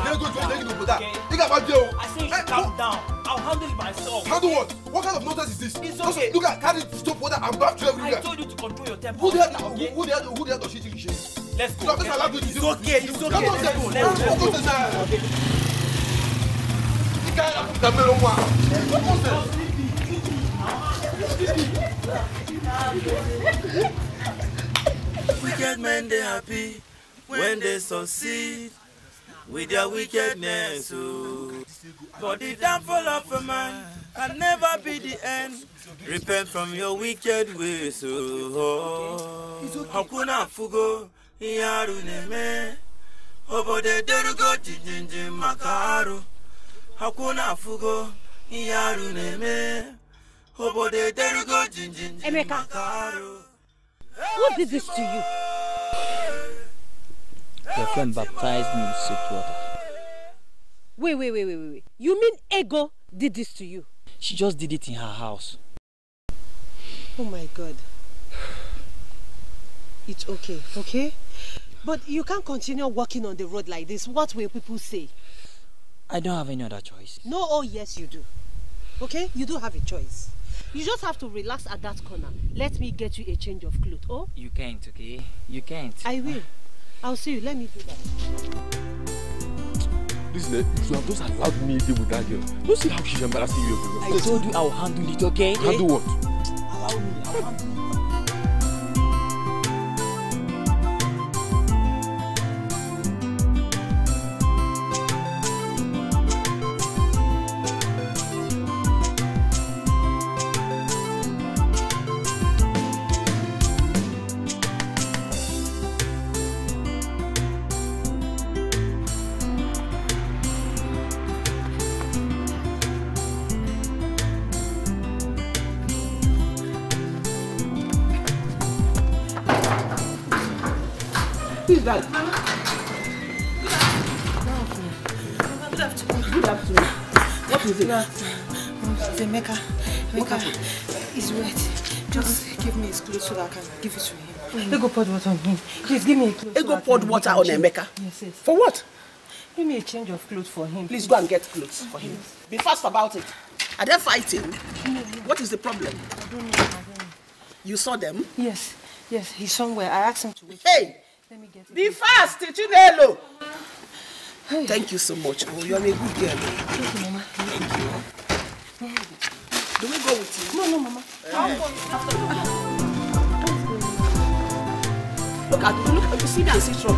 out of go join David Oboda. Think about jail. I say you calm down. I'll handle it myself. Handle what? What kind of nonsense is this? It's okay. Just look at carry stop water and bath you everywhere. I told you to control your temper. Who the hell? Who the hell? Who the hell does she think she is? Let's go. Let's go. It's okay. It's okay. Let's go. Let's go. Let's go. Let's Let's go. go. Cara, puta, meu irmão. Wicked men, they happy when they succeed. with their wickedness. Oh. But the downfall of a man can never be the end. Repent from your wicked ways. Oh. Hakuna fugo iharu neme. Obode derugo jinjinji makaru. Hakuna fugo iharu neme. Obode derugo jinjinji makaru. What did this to you? Your friend baptized me with soap water. Wait, wait, wait, wait, wait. You mean Ego did this to you? She just did it in her house. Oh my God. It's okay, okay? But you can't continue walking on the road like this. What will people say? I don't have any other choice. No, oh yes you do. Okay? You do have a choice. You just have to relax at that corner. Let me get you a change of clothes, oh? You can't, okay? You can't. I will. I'll see you. Let me do that. Listen, eh, you should have just allowed me to deal with that girl. Don't see how she's embarrassing you everywhere. I told you I'll handle it, okay? Handle what? Allow me. I'll handle it. I can give it to him. Mm. Ego poured water on him. Please give me a clothes. Ego so poured water on Emeka. Yes, yes. For what? Give me a change of clothes for him. Please, go and get clothes for him. Yes. Be fast about it. Are they fighting? No, no. What is the problem? I don't know. I don't know. You saw them? Yes. Yes, he's somewhere. I asked him to wait. Hey! Let me get Be fast, Chinelo! Hey. Thank you so much. Oh, you're a good girl. Thank you, Mama. Thank you. Do we go with you? No, no, Mama. Uh, I'll go. Look at you, look at you, sit down, sit strong.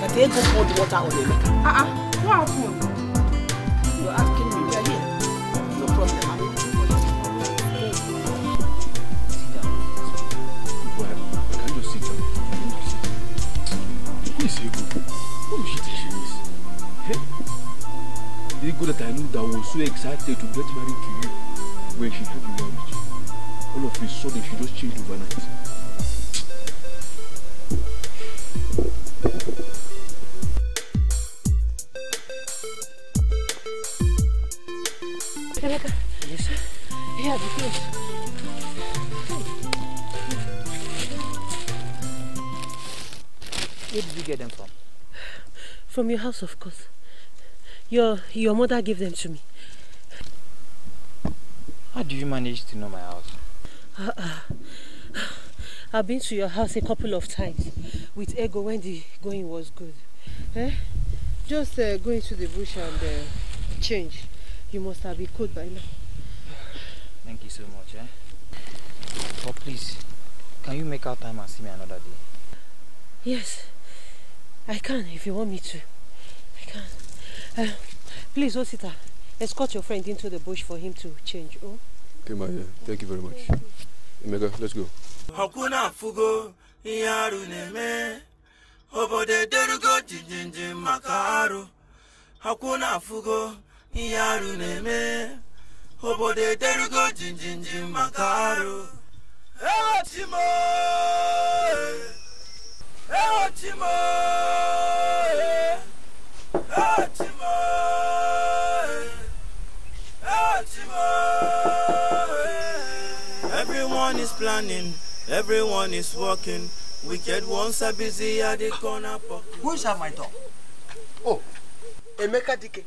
But they go pour the water on them. Ah ah, what happened? You're asking me, We are here. No problem, I will you. Sit down. Who is Ego? Who is she Hey? The Ego that I knew that was so excited to get married to you when she had you married, All of a sudden, she just changed overnight. Where did you get them from? From your house, of course. Your your mother gave them to me. How do you manage to know my house? Uh, uh, I've been to your house a couple of times with Ego when the going was good. Eh? Just uh, going to the bush and uh, change. You must have been cold by now. Thank you so much. Eh? But please, can you make out time and see me another day? Yes, I can if you want me to. I can. Uh, please, Osita, oh, escort your friend into the bush for him to change. Oh? Okay, Maya. Thank you very much let's go. Hakuna fugo, yaru neme. Obode derugo jinjinji makaru. Hakuna fugo, yaru neme. Obode derugo jinjinji makaru. Ewa chimo! Ewa chimo! running, everyone is walking. Wicked ones are busy at the corner pocket. Who is at my door? Oh, Emeka Dike.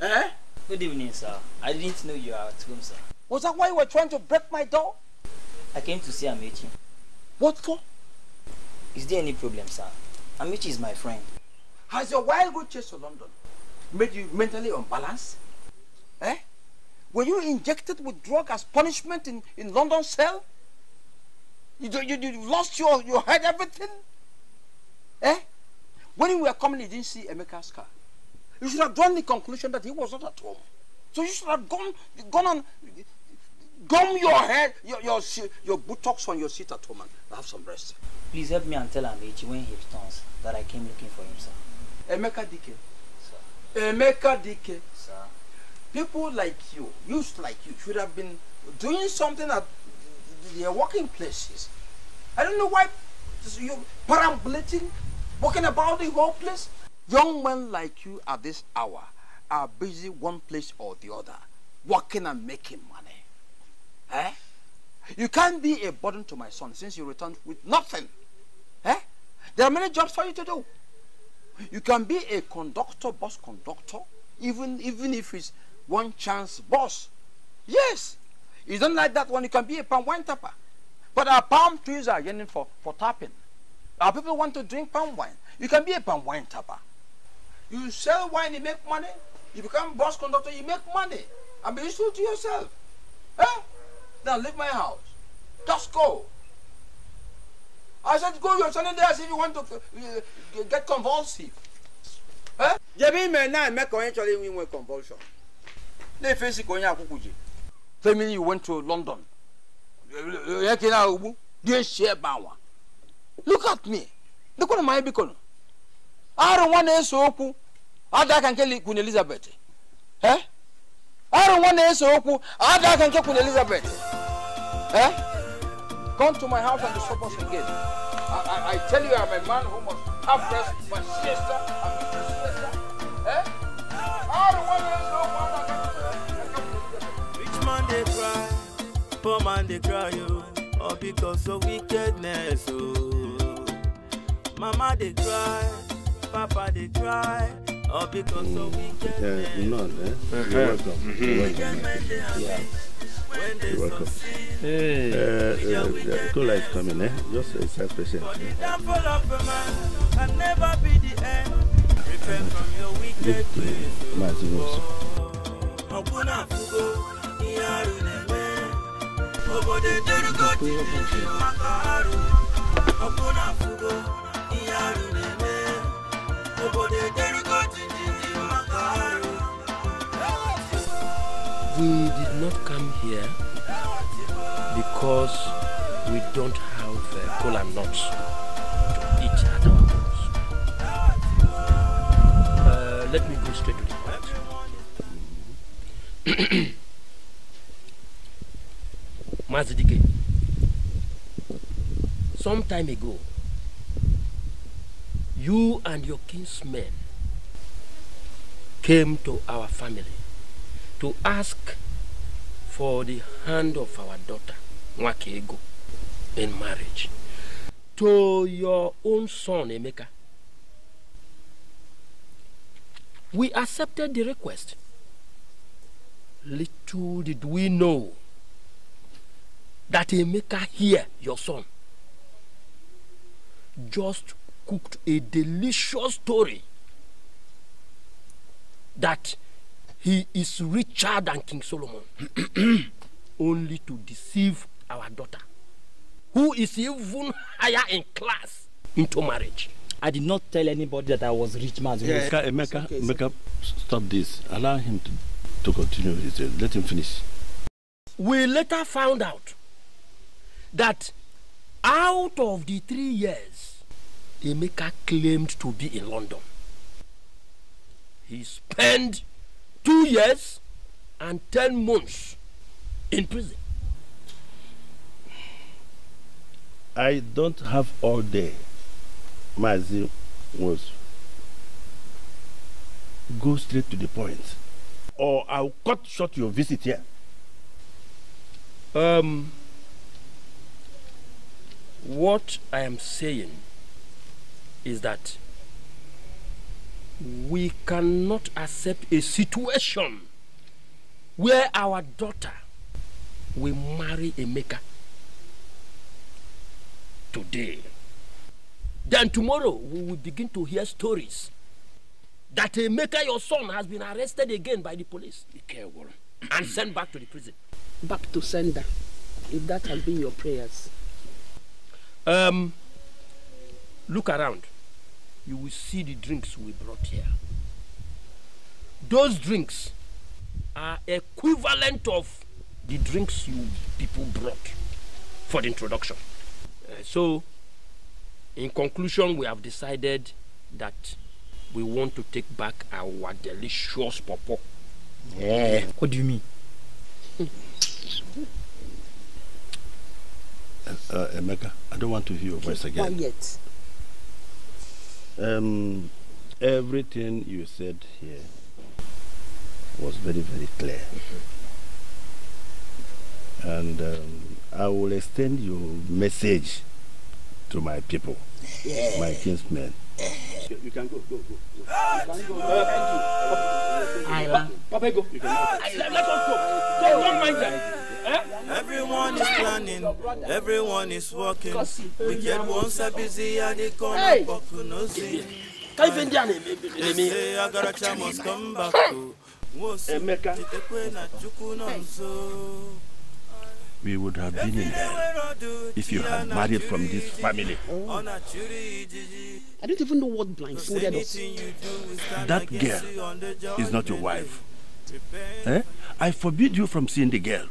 Eh? Good evening, sir. I didn't know you were at home, sir. Was that why you were trying to break my door? I came to see Amichi. What for? Is there any problem, sir? Amichi is my friend. Has your wild goat chase to London made you mentally unbalanced? Eh? Were you injected with drug as punishment in, in London cell? You, you, you lost your, your head, everything? Eh? When you were coming, you didn't see Emeka's car. You should have drawn the conclusion that he was not at home. So you should have gone, gone and gum your head, your, your, your buttocks on your seat at home and have some rest. Please help me and tell Amici when he returns that I came looking for him, sir. Emeka Dike. Sir. Emeka Dike people like you, youth like you, should have been doing something at their working places. I don't know why you're perambulating, walking about the whole place. Young men like you at this hour are busy one place or the other, working and making money. Eh? You can't be a burden to my son since you returned with nothing. Eh? There are many jobs for you to do. You can be a conductor, bus conductor, even even if it's one chance boss. Yes. It's not like that one, you can be a palm wine tapper. But our palm trees are yearning for, for tapping. Our people want to drink palm wine. You can be a palm wine tapper. You sell wine, you make money. You become bus conductor, you make money. And be useful to yourself. Eh? Now leave my house. Just go. I said, go, you're standing there as if you want to uh, get convulsive. Eh? Jebbi me not make convention when convulsion. na-efesi ka onye akwụkwọ ji family you went to London onye ka ị na ugbu dị echi bawa. awa look at me dịkwara m anyị biko arụ nwa na-ese okwu ada aka nke Queen Elizabeth arụ nwa na-ese okwu ada aka nke Queen Elizabeth come to my house and disturb support again I, I, I tell you I'm a man who must have rest my sister and poor man dey cry o all because of wickedness oh. mama they cry papa they cry all because of wickedness. Yeah, not, eh? Uh-huh. You're welcome. Mm-hmm. You're welcome. Hey. Uh, uh, the cool light coming, eh? Just a uh, self patient. Good, good. Mazin also. We did not come here because we don't have uh, cola nuts to eat at our house. Uh, let me go straight to the point. Mazidike. Some time ago, you and your kinsmen came to our family to ask for the hand of our daughter, Nwakego, in marriage to your own son, Emeka. We accepted the request. Little did we know that a maker hear your son just cooked a delicious story that he is richer than King Solomon only to deceive our daughter who is even higher in class into marriage. I did not tell anybody that I was rich man. Yeah. Emeka, Emeka, okay, Emeka, stop this. Allow him to, to continue. Uh, let him finish. We later found out that out of the three years Emeka claimed to be in London, he spent two years and ten months in prison. I don't have all day. Mazi was go straight to the point or I'll cut short your visit here. Um, what I am saying is that we cannot accept a situation where our daughter will marry a maker today. Then tomorrow we will begin to hear stories that a maker, your son, has been arrested again by the police and sent back to the prison. Back to sender, if that has been your prayers. Um, look around. You will see the drinks we brought here. Those drinks are equivalent of the drinks you people brought for the introduction. Uh, so, in conclusion, we have decided that we want to take back our delicious popo. Yeah. What do you mean? uh, Emeka, I don't want to hear your voice again. Not yet. Um, everything you said here was very, very clear. And um, I will extend your message to my people, yeah. my kinsmen. You, you can go, go, go. go. you can go. Uh, thank you. Papa, go. You can go. Let us go. Don't mind that. Everyone is planning, everyone is working. We get once a busy at the corner, but who knows it? They say Agaracha must come back. We would have been in there if you had married from this family. Oh. I don't even know what blindfolded us. That girl is not your wife. Eh? I forbid you from seeing the girl.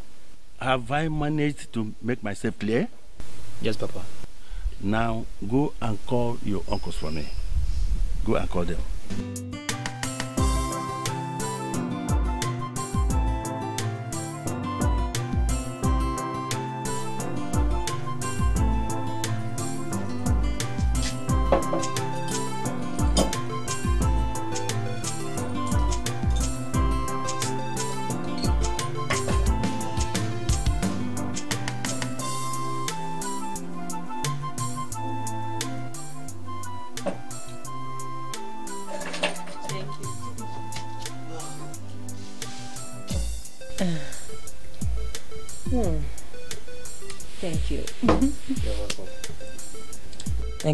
Have I managed to make myself clear? Yes, Papa. Now go and call your uncles for me. Go and call them.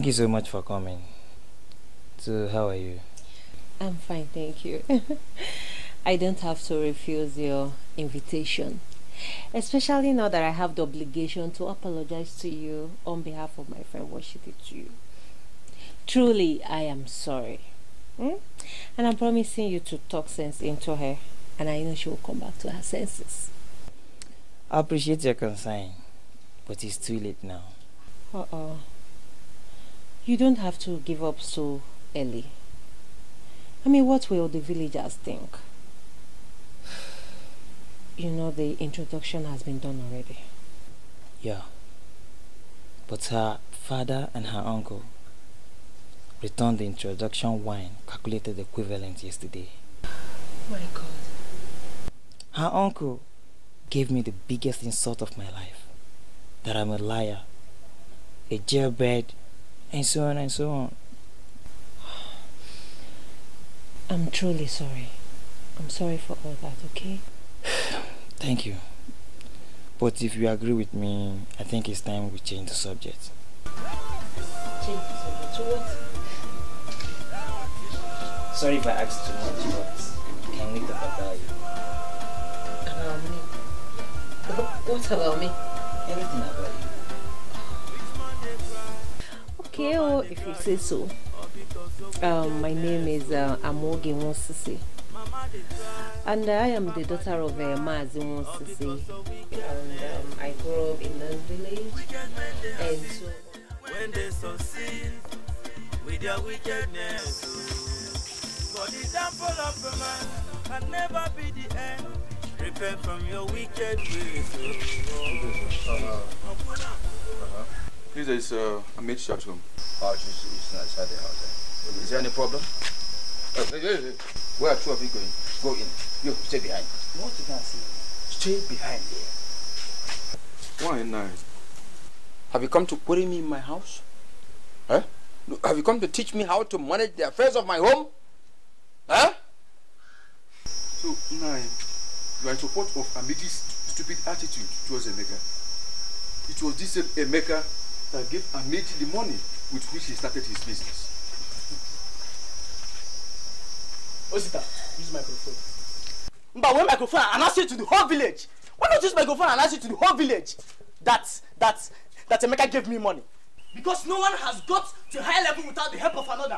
Thank you so much for coming. So, how are you? I'm fine, thank you. I don't have to refuse your invitation, especially now that I have the obligation to apologize to you on behalf of my friend you. Truly, I am sorry. Hmm? And I'm promising you to talk sense into her, and I know she will come back to her senses. I appreciate your concern, but it's too late now. Uh-oh you don't have to give up so early. I mean, what will the villagers think? You know, the introduction has been done already. Yeah. But her father and her uncle returned the introduction wine calculated equivalent yesterday. My God. Her uncle gave me the biggest insult of my life. That I'm a liar, a jailbird, and so on and so on. I'm truly sorry. I'm sorry for all that, okay? Thank you. But if you agree with me, I think it's time we change the subject. Change the subject to what? Sorry if I asked too much, but can we talk about you? About me? What about me? Everything about KO if you say so. Um, my name is uh, Amogi Wonsisi, and I am the daughter of uh, Mazi Wonsisi. And um, I grew up in this village, and so. When they succeed with their wickedness, for the temple of a man can never be the end. Repent from your wicked ways. Uh -huh. Uh-huh. This is uh, Amit Shah's Oh, she's, she's inside the house. Eh? Is there any problem? Uh, Where are two of you going? Go in. You, stay behind. What you can see? Stay behind there. Why nine? Have you come to put me in my house? Huh? Have you come to teach me how to manage the affairs of my home? Huh? So, nine, you are in support of Amidi's stupid attitude towards Emeka. It was this Emeka uh, gave Amaechi the money with which he started his business. Osita, use microphone. But when microphone announce it to the whole village. Why not use microphone and announce it to the whole village that that that Emeka gave me money? Because no one has got to high level without the help of another.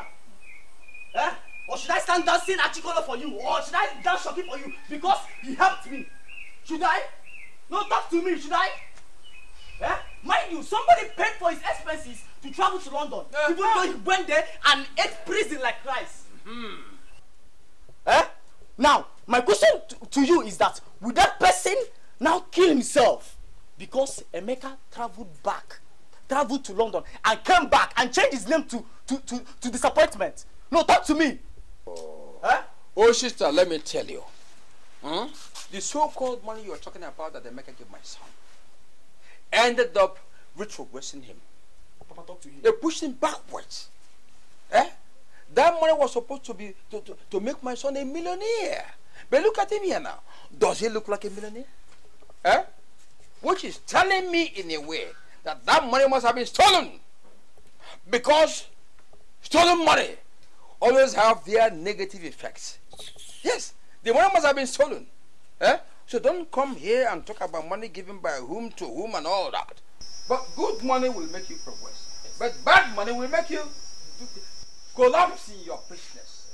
Eh? Or should I stand dancing Achikolo for you? Or should I dance shopping for you? Because he helped me. Should I? No, talk to me, should I? Eh? Mind you, somebody paid for his expenses to travel to London, uh, even though he went there and ate prison like Christ. Hmm. Eh? Now, my question to you is that would that person now kill himself because Emeka traveled back, traveled to London and came back and changed his name to, to, to, to disappointment? No, talk to me. Oh. oh, sister, let me tell you. Hmm? The so-called money you're talking about that Emeka gave my son ended up retrogressing him. Papa, him. They pushed him backwards. Eh? That money was supposed to be to, to, to make my son a millionaire. But look at him here now. Does he look like a millionaire? Eh? Which is telling me in a way that that money must have been stolen. Because stolen money always have their negative effects. Yes, the money must have been stolen. Eh? So don't come here and talk about money given by whom to whom and all that. But good money will make you progress. But bad money will make you collapse in your business.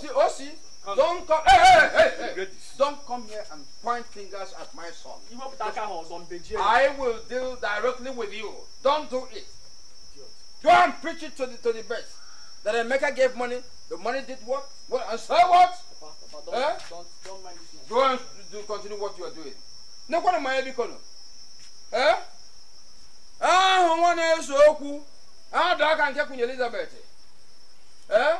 see, oh, see, come. don't come. Hey, hey, hey, hey. Don't come here and point fingers at my son. I will deal directly with you. Don't do it. Go and preach it to the to the best. That a maker gave money. The money did what? What and so what? Papa, Papa, don't, eh? don't, don't mind this. Go and do, continue what you are doing. Ne kwa na maye biko eh? ah, nwa na eso okwu. Ah, aka nke kunye Elizabeth. Eh?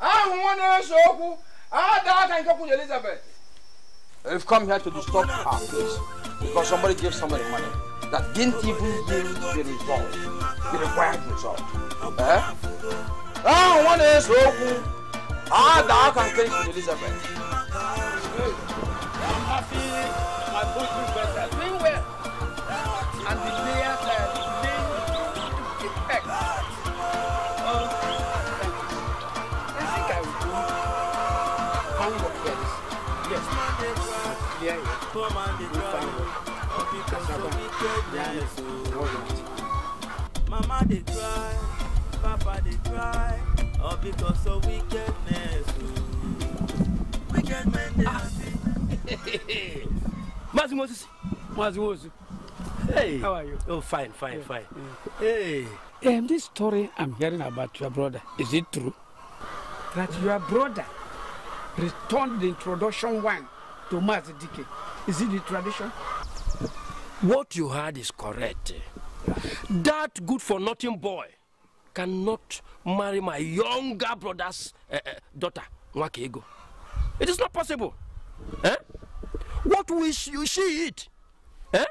Ah, nwa na eso okwu. Ah, aka nke kunye Elizabeth. You've come here to disturb our peace because somebody gave somebody money that didn't even give the result, the required result. Eh? Ah, nwa na eso okwu. Ah, aka nke kunye Elizabeth feeling my coach members are doing well. And the players are playing effect. Um, I think I will do one work Yes. Yes. Mama dey cry, Papa dey cry, all because of wickedness. Wicked men dey. Ah. Mazi Moses. Mazi Moses. Hey. How are you? Oh, fine, fine, yeah. fine. Yeah. Hey. Um, this story I'm hearing about your brother, is it true? That your brother returned the introduction one to Mazi Dike. Is it the tradition? What you heard is correct. That good-for-nothing boy cannot marry my younger brother's uh, uh, daughter, Nwakego. It is not possible. Eh? What will she, she eat? Eh?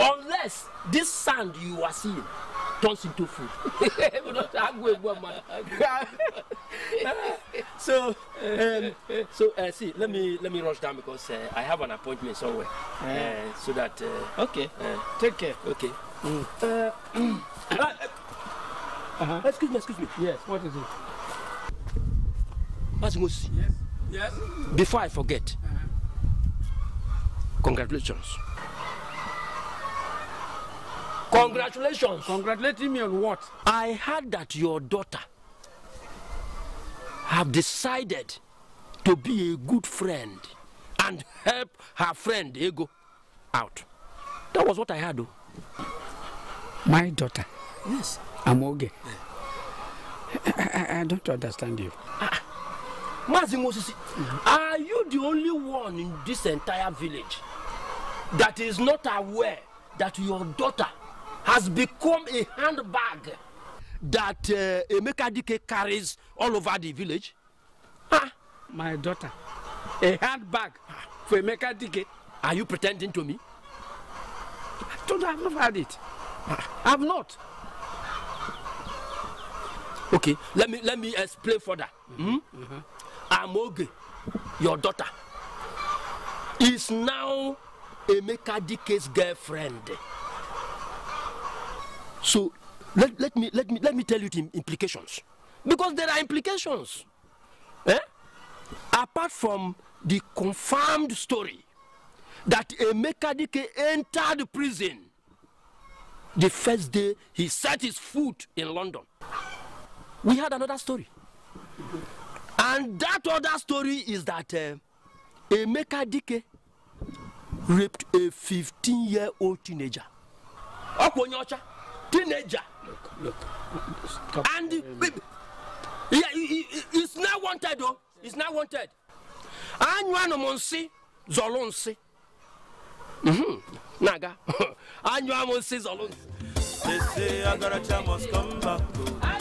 Unless this sand you are seeing turns into food. so, um, so uh, see, let me let me rush down because uh, I have an appointment somewhere. Eh. Uh, so that uh, okay, uh, take care. Okay. Mm. Uh, -huh. Excuse me, excuse me. Yes. What is it? Yes. Yes. Before I forget, uh-huh. congratulations. Congratulations. Congratulating me on what? I heard that your daughter have decided to be a good friend and help her friend Ego out. That was what I heard. Oh. My daughter? Yes. Amoge. I, I, I don't understand you. Ah, Mazi Moses, are you the only one in this entire village that is not aware that your daughter has become a handbag that uh, Emeka Dike carries all over the village? Huh? My daughter, a handbag for Emeka Dike. Are you pretending to me? I don't not had it. I have not. Okay, let me let me explain further. Mm -hmm. Mm -hmm. Amoge, your daughter, is now Emeka Dike's girlfriend. So let, let, me, let, me, let me tell you the implications. Because there are implications. Eh? Apart from the confirmed story that Emeka Dike entered prison the first day he set his foot in London. We had another story. And that other story is that uh, Emeka Dike raped a 15-year-old teenager. Okwonyocha, teenager. Look, look. And uh, yeah, it's not wanted though. It's not wanted. Anyuano no zolonsi. Mm-hmm. Naga. Anyuano monsi, zolonsi. They say Agaracha must come back. Though.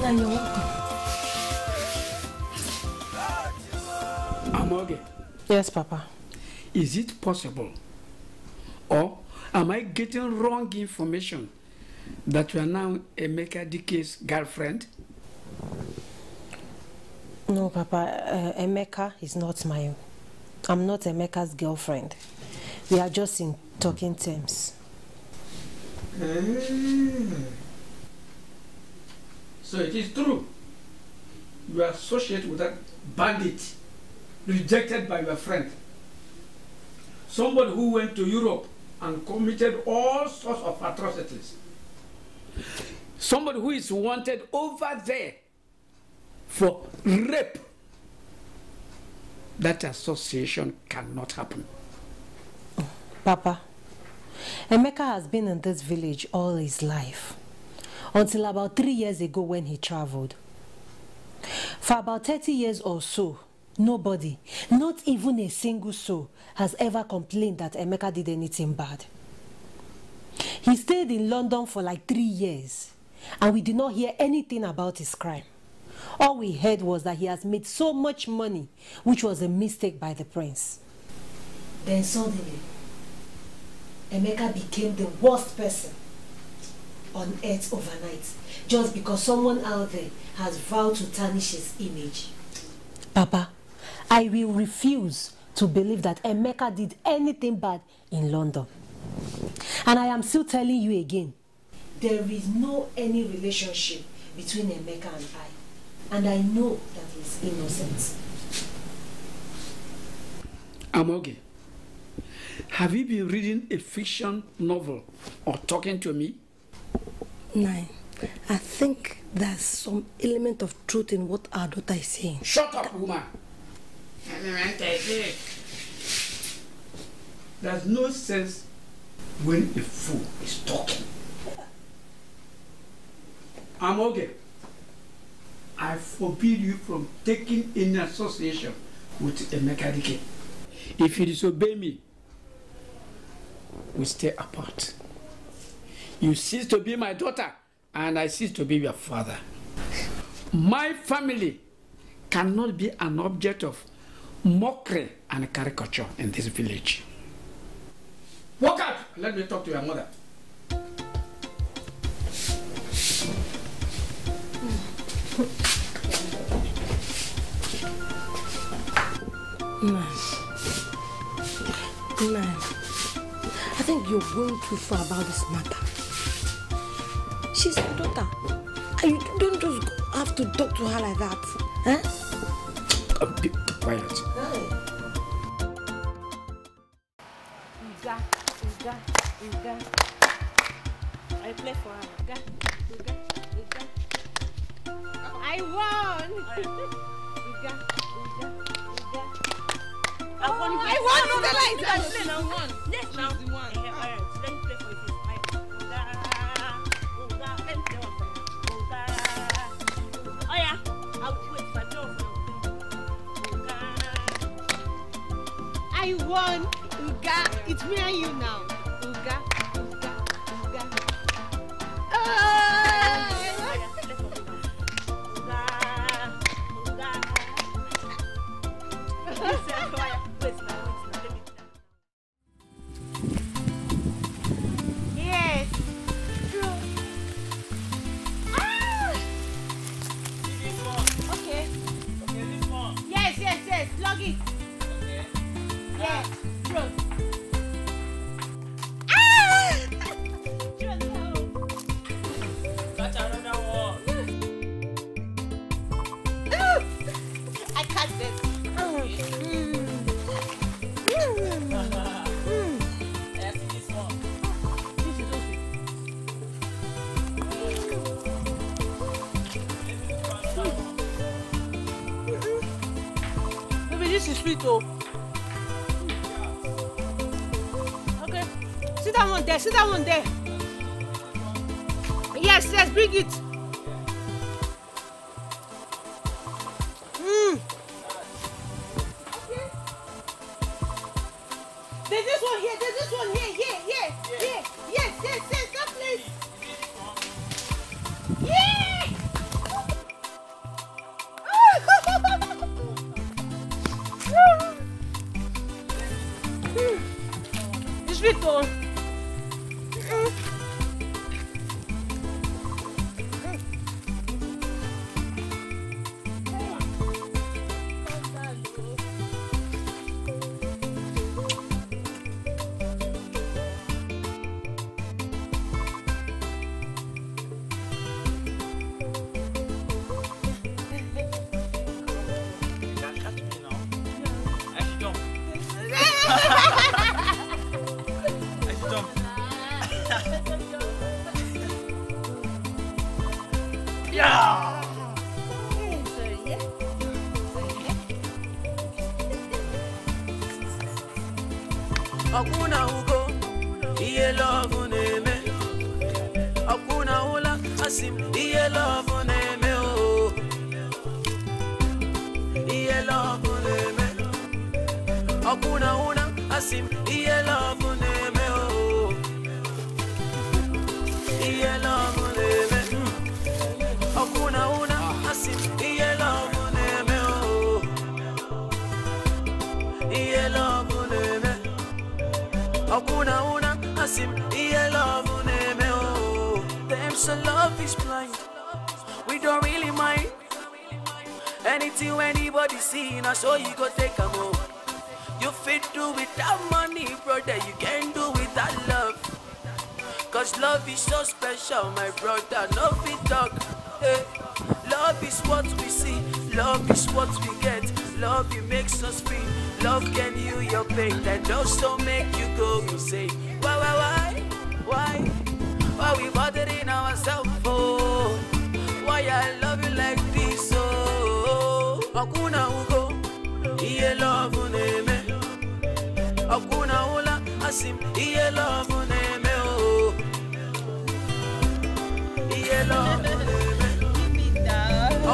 Now you're Yes, Papa. Is it possible? Or am I getting wrong information that you are now Emeka Dike's girlfriend? No, Papa. Uh, Emeka is not my... I'm not Emeka's girlfriend. We are just in talking terms. Hmm. So it is true. You associate with that bandit, rejected by your friend. Somebody who went to Europe and committed all sorts of atrocities. Somebody who is wanted over there for rape. That association cannot happen. Oh, Papa, Emeka has been in this village all his life, until about three years ago when he traveled. For about 30 years or so, nobody, not even a single soul, has ever complained that Emeka did anything bad. He stayed in London for like three years, and we did not hear anything about his crime. All we heard was that he has made so much money, which was a mistake by the prince. Then suddenly, Emeka became the worst person on earth overnight just because someone out there has vowed to tarnish his image. Papa, I will refuse to believe that Emeka did anything bad in London. And I am still telling you again. There is no any relationship between Emeka and I. And I know that innocence. innocent. am okay. Have you been reading a fiction novel or talking to me? No, I think there's some element of truth in what our daughter is saying. Shut up, woman! There's no sense when a fool is talking. I'm okay. I forbid you from taking any association with a mechanic. If you disobey me, we stay apart. You cease to be my daughter, and I cease to be your father. My family cannot be an object of mockery and caricature in this village. Walk out! Let me talk to your mother. think you're going too far about this matter. She's your daughter. And you don't just have to talk to her like that. Huh? Eh? Uh, be quiet. I play for her. I won! Oh, I won. I won. No, the lights. I now. One. now. The one. Oh yeah. I won. Uga. It's me and you now. Uga. Uga. Uga. Oh. see that one there. Yes, yes, bring it.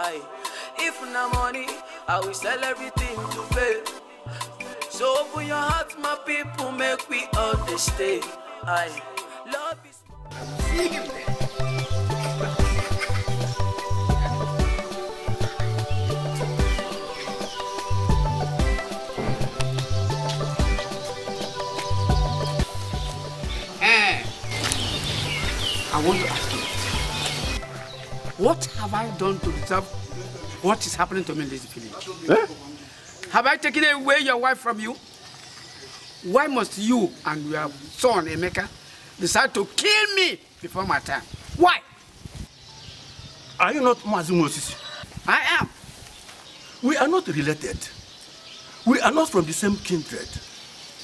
Aye. If no money, I will sell everything to pay. So open your heart, my people, make we all I Aye. Love is. Eh. I want what have I done to deserve what is happening to me in this village? Eh? Have I taken away your wife from you? Why must you and your son, Emeka, decide to kill me before my time? Why? Are you not Mazimosis? I am. We are not related. We are not from the same kindred.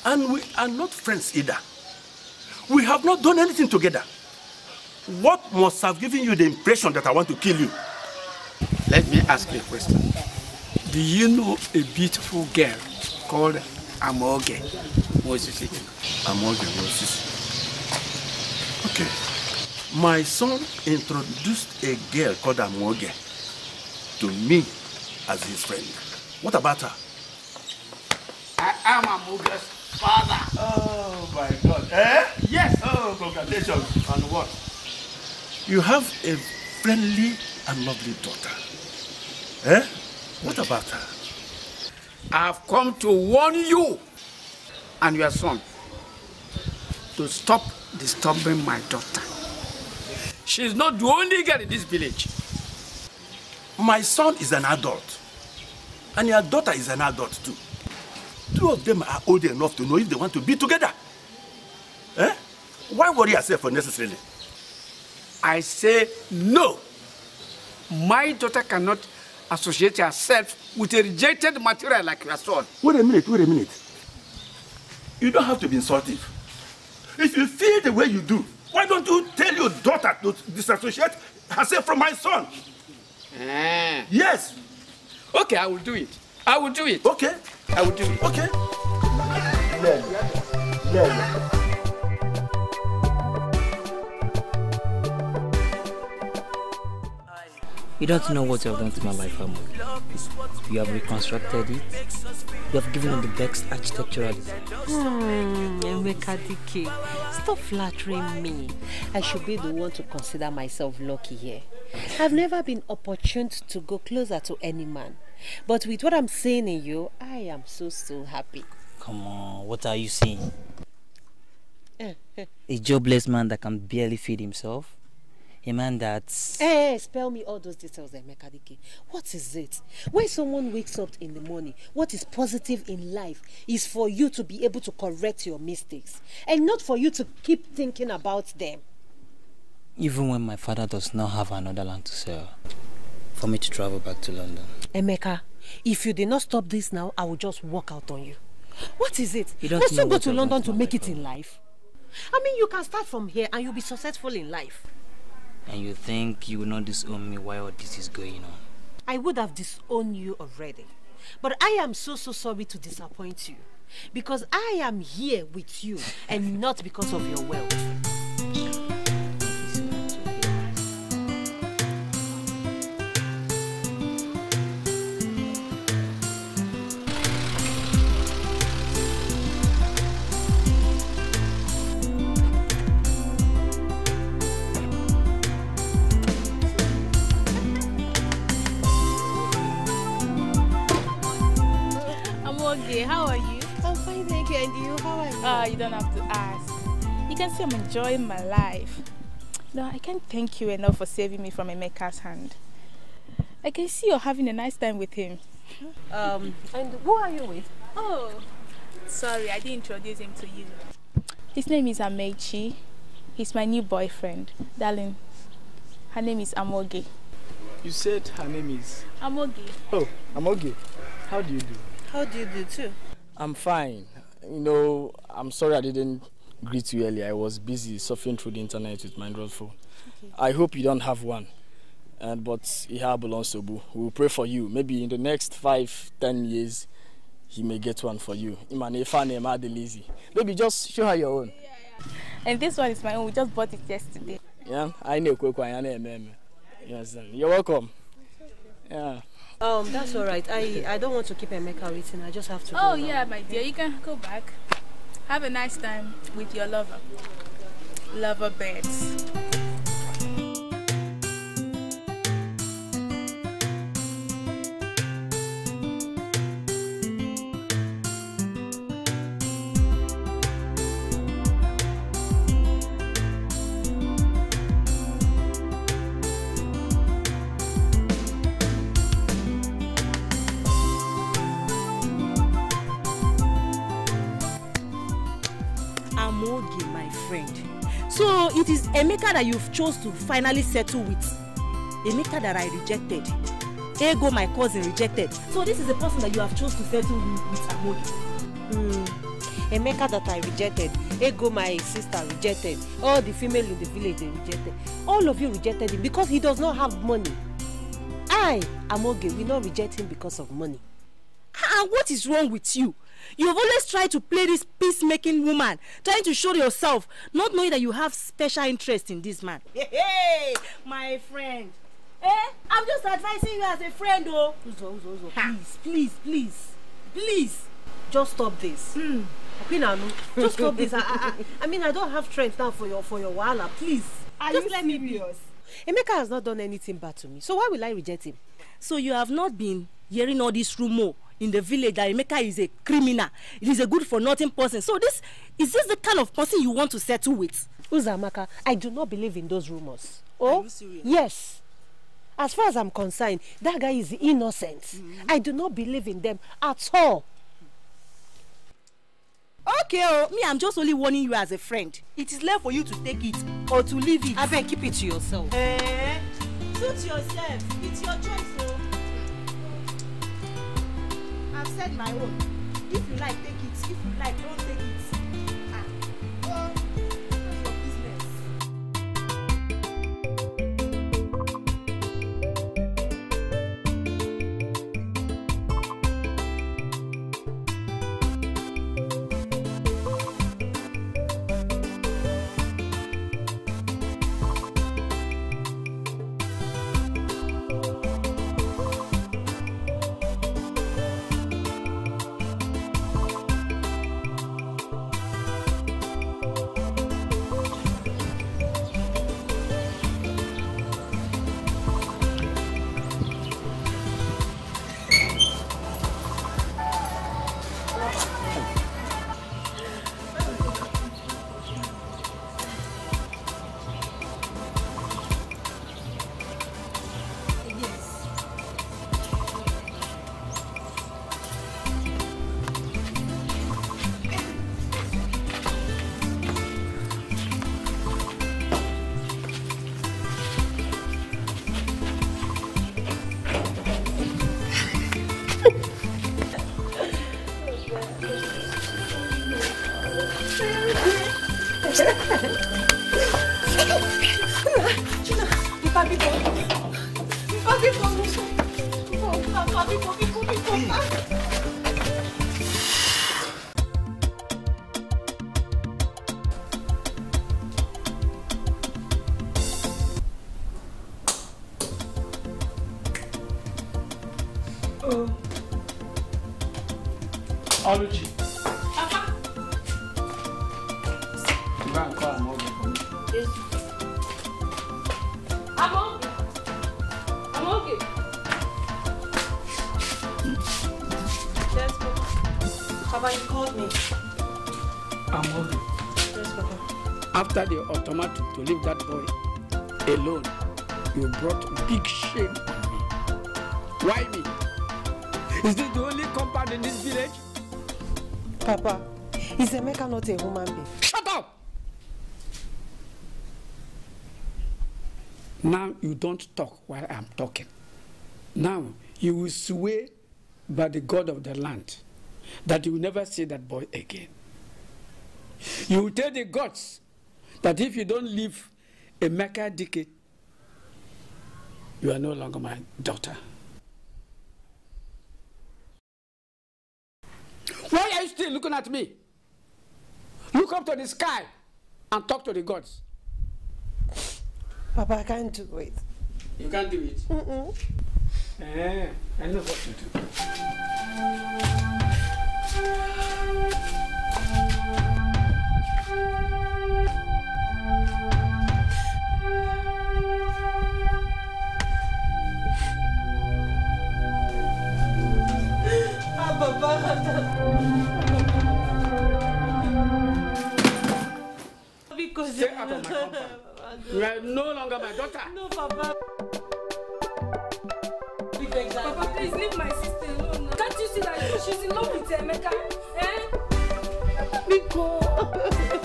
And we are not friends either. We have not done anything together. What must have given you the impression that I want to kill you? Let me ask you a question. Do you know a beautiful girl called Amoge Moses? Amoge Moses. Okay. My son introduced a girl called Amoge to me as his friend. What about her? I am Amoge's father. Oh my God. Eh? Yes. Oh, congratulations. And what? You have a friendly and lovely daughter. Eh? What about her? I've come to warn you and your son to stop disturbing my daughter. She's not the only girl in this village. My son is an adult. And your daughter is an adult too. Two of them are old enough to know if they want to be together. Eh? Why worry yourself unnecessarily? I say no. My daughter cannot associate herself with a rejected material like your son. Wait a minute, wait a minute. You don't have to be insulting. If you feel the way you do, why don't you tell your daughter to disassociate herself from my son? Mm. Yes. Okay, I will do it. I will do it. Okay. I will do it. Okay. Yeah. Yeah. yeah. You don't know what you have done to my life, Amo. You have reconstructed it. You have given it the best architectural. Hmm, Emeka stop flattering me. I should be the one to consider myself lucky here. I've never been opportune to go closer to any man. But with what I'm seeing in you, I am so, so happy. Come on, what are you seeing? A jobless man that can barely feed himself? a man that. Hey, eh, eh, spell me all those details, Emeka Dike. What is it? When someone wakes up in the morning, what is positive in life is for you to be able to correct your mistakes and not for you to keep thinking about them. Even when my father does not have another land to sell, for me to travel back to London. Emeka, eh, if you did not stop this now, I will just walk out on you. What is it? You don't you go to London to make it in life? I mean, you can start from here and you'll be successful in life. And you think you will not disown me while this is going on? I would have disowned you already. But I am so, so sorry to disappoint you. Because I am here with you and not because of your wealth. you don't have to ask. You can see I'm enjoying my life. No, I can't thank you enough for saving me from Emeka's hand. I can see you're having a nice time with him. Um, and who are you with? Oh, sorry, I didn't introduce him to you. His name is Amechi. He's my new boyfriend. Darling, her name is Amoge. You said her name is? Amoge. Oh, Amoge. How do you do? How do you do too? I'm fine. you know, I'm sorry I didn't greet you earlier. I was busy surfing through the internet with my Android phone. Okay. I hope you don't have one. And but have belongs to Bu. We'll pray for you. Maybe in the next five, ten years, he may get one for you. lazy. Maybe just show her your own. And this one is my own. We just bought it yesterday. Yeah, I know. You understand? You're welcome. Yeah. Um, that's all right. I, I don't want to keep Emeka waiting. I just have to. Oh, yeah, my dear. You can go back. Have a nice time with your lover. Lover beds. it is Emeka that you've chose to finally settle with Emeka that I rejected Ego my cousin rejected so this is the person that you have chose to settle with, with Amoge. Mm. Emeka that I rejected Ego my sister rejected all the female in the village they rejected all of you rejected him because he does not have money I Amoge we not reject him because of money. Ah what is wrong with you? You've always tried to play this peacemaking woman, trying to show yourself, not knowing that you have special interest in this man. Hey, my friend. Eh? I'm just advising you as a friend, oh. Uzo, Uzo, Uzo. Please, please, please, please, just stop this. Mm. Queen Anu, just stop this. I, I, I mean, I don't have strength now for your for your wahala. Please, Are just you let serious? me be. Emeka has not done anything bad to me, so why will I reject him? So you have not been hearing all this rumor in the village that Emeka is a criminal. It is a good for nothing person. So this is this the kind of person you want to settle with? Uzamaka, I do not believe in those rumors. Oh, yes. As far as I'm concerned, that guy is innocent. Mm -hmm. I do not believe in them at all. Okay, oh. me, I'm just only warning you as a friend. It is left for you to take it or to leave it. I beg, keep it to yourself. Eh? Suit yourself. It's your choice. Oh. I've said my own. If you like, take it. If you like, don't to leave that boy alone. You brought big shame on me. Why me? Is this the only compound in this village? Papa, is Emeka not a human being? Shut up! Now you don't talk while I'm talking. Now you will swear by the God of the land that you will never see that boy again. You will tell the gods That if you don't leave a Mecca decade, you are no longer my daughter. Why are you still looking at me? Look up to the sky and talk to the gods. Papa, I can't do it. You can't do it? Mm-mm. Eh, I know what to do. Because Stay out of my compound. You are no longer my daughter. No, Papa. Papa, please leave my sister alone. Can't you see that she's in love with Emeka? Eh? Because.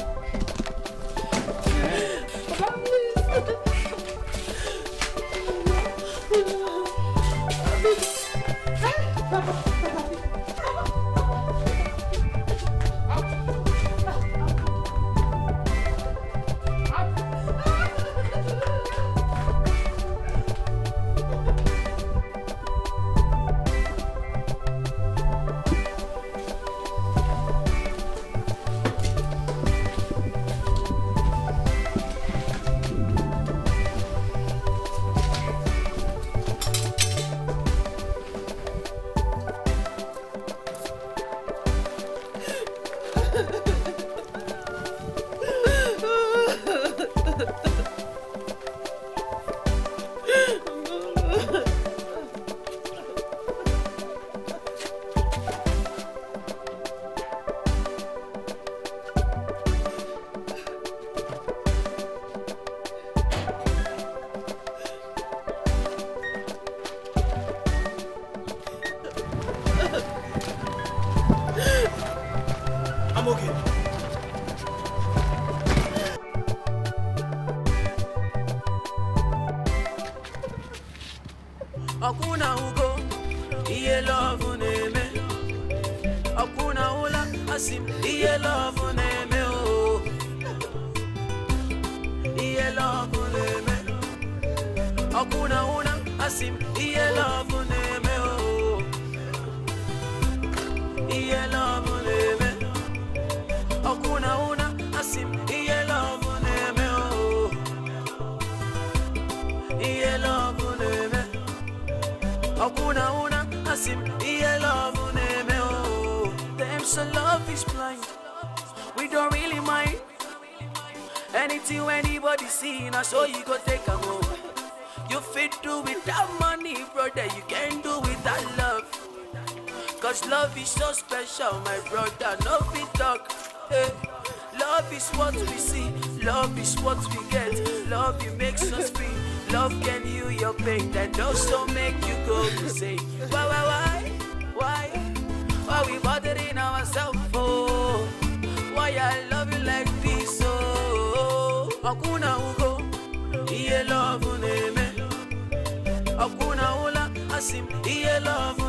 shout, my brother, no be talk. Hey. Eh, love is what we see, love is what we get. Love you makes us free. Love can heal your pain that also make you go to say why why why why why we bothering ourselves for? Oh? Why I love you like this oh? Hakuna ugo iye love uneme, akuna ula asim iye love.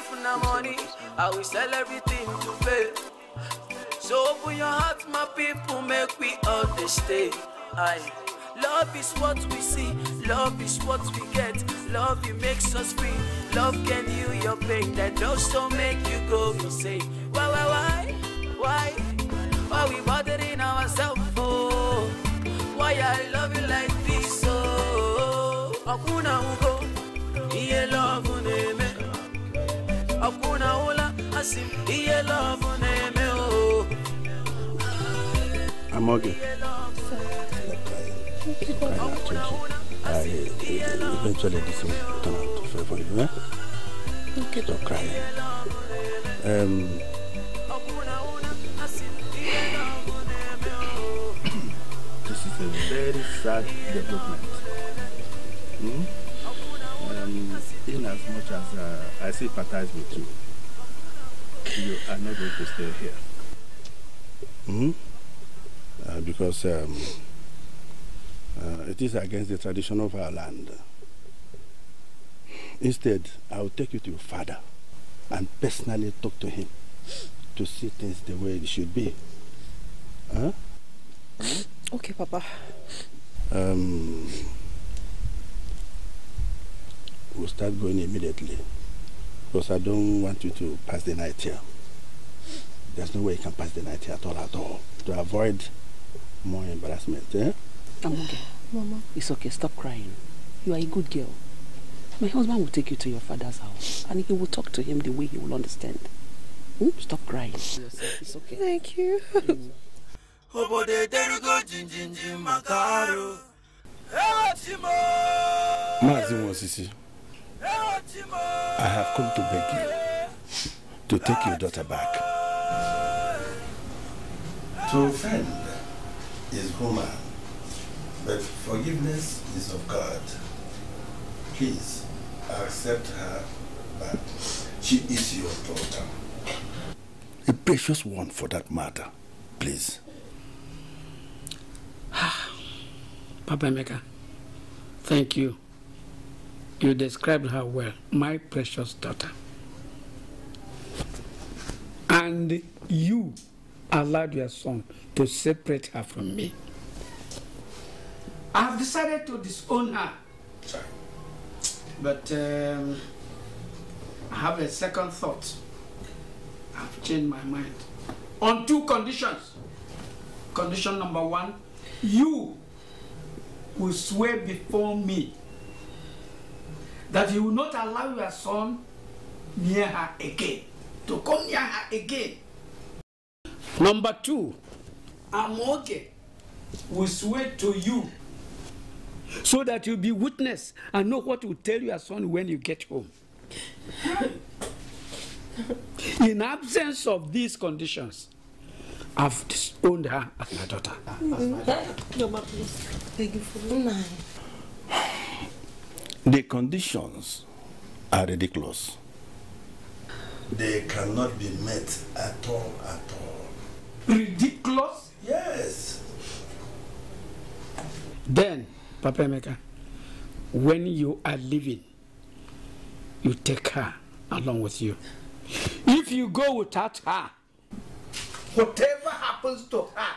if no money, I will sell everything to pay. So open your heart, my people, make we understand. Aye. Love is what we see, love is what we get. Love it makes us free. Love can heal your pain that also make you go insane. say why why why why why we bothering ourselves oh why I love you like this oh Akuna ugo iye love name hakuna ula asimtie love nemeo Amoge I eventually this this is a very sad development. Hmm? in as much as uh, I sympathize with you, you are not going to stay here. Mm -hmm. Uh, because um, uh, it is against the tradition of our land. Instead, I will take you to your father and personally talk to him to see things the way they should be. Huh? Okay, Papa. Um, will start going immediately because I don't want you to pass the night here. There's no way you can pass the night here at all, at all. To avoid more embarrassment, eh? I'm okay. Mama. It's okay, stop crying. You are a good girl. My husband will take you to your father's house and he will talk to him the way he will understand. Hmm? Stop crying. It's okay. Thank you. Mazi Mosisi. I have come to beg you to take your daughter back. To offend is human, but forgiveness is of God. Please accept her back. She is your daughter. A precious one for that matter. Please. Ah, Papa Mega, thank you. You described her well, my precious daughter. And you allowed your son to separate her from me. I have decided to disown her. Sorry. But um, I have a second thought. I've changed my mind. On two conditions. Condition number one, you will swear before me that you will not allow your son near her again, to come near her again. Number two, Amoge will swear to you so that you will be witness and know what to tell your son when you get home. In absence of these conditions, I've disowned her as my daughter. As my daughter. please. Thank you for the conditions are ridiculous. They cannot be met at all, at all. Ridiculous? Yes. Then, Papa Emeka, when you are leaving, you take her along with you. If you go without her, whatever happens to her,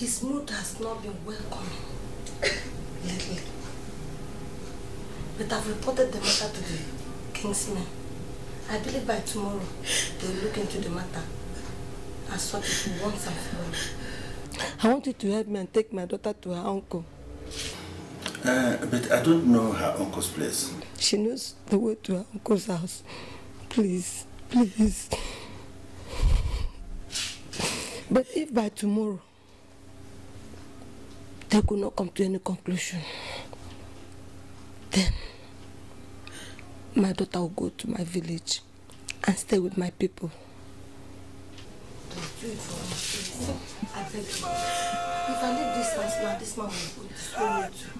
His mood has not been welcoming lately. But I've reported the matter to the kingsmen. I believe by tomorrow they'll look into the matter and sort it once and for all. I want you to help me and take my daughter to her uncle. Uh, but I don't know her uncle's place. She knows the way to her uncle's house. Please, please. But if by tomorrow they could not come to any conclusion. Then, my daughter will go to my village and stay with my people. I beg you. If I leave this house now, this man will destroy me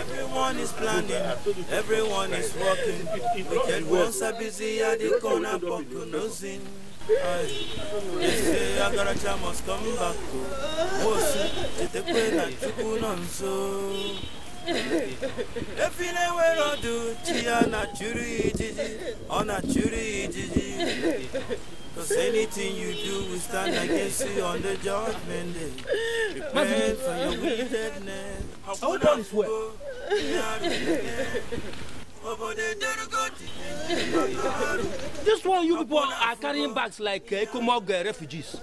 Everyone is planning, everyone is working. The kids are busy at the corner, but no sin. They say Agaraja must come back to Wosi, they take away that Chukunonso. Efile wero do chia na churi ijiji, ona churi ijiji. Cause anything you do will stand against you on the judgment day. Prepare for your wickedness. How could I swear? this one you people are carrying bags like uh, Ekomog uh, refugees.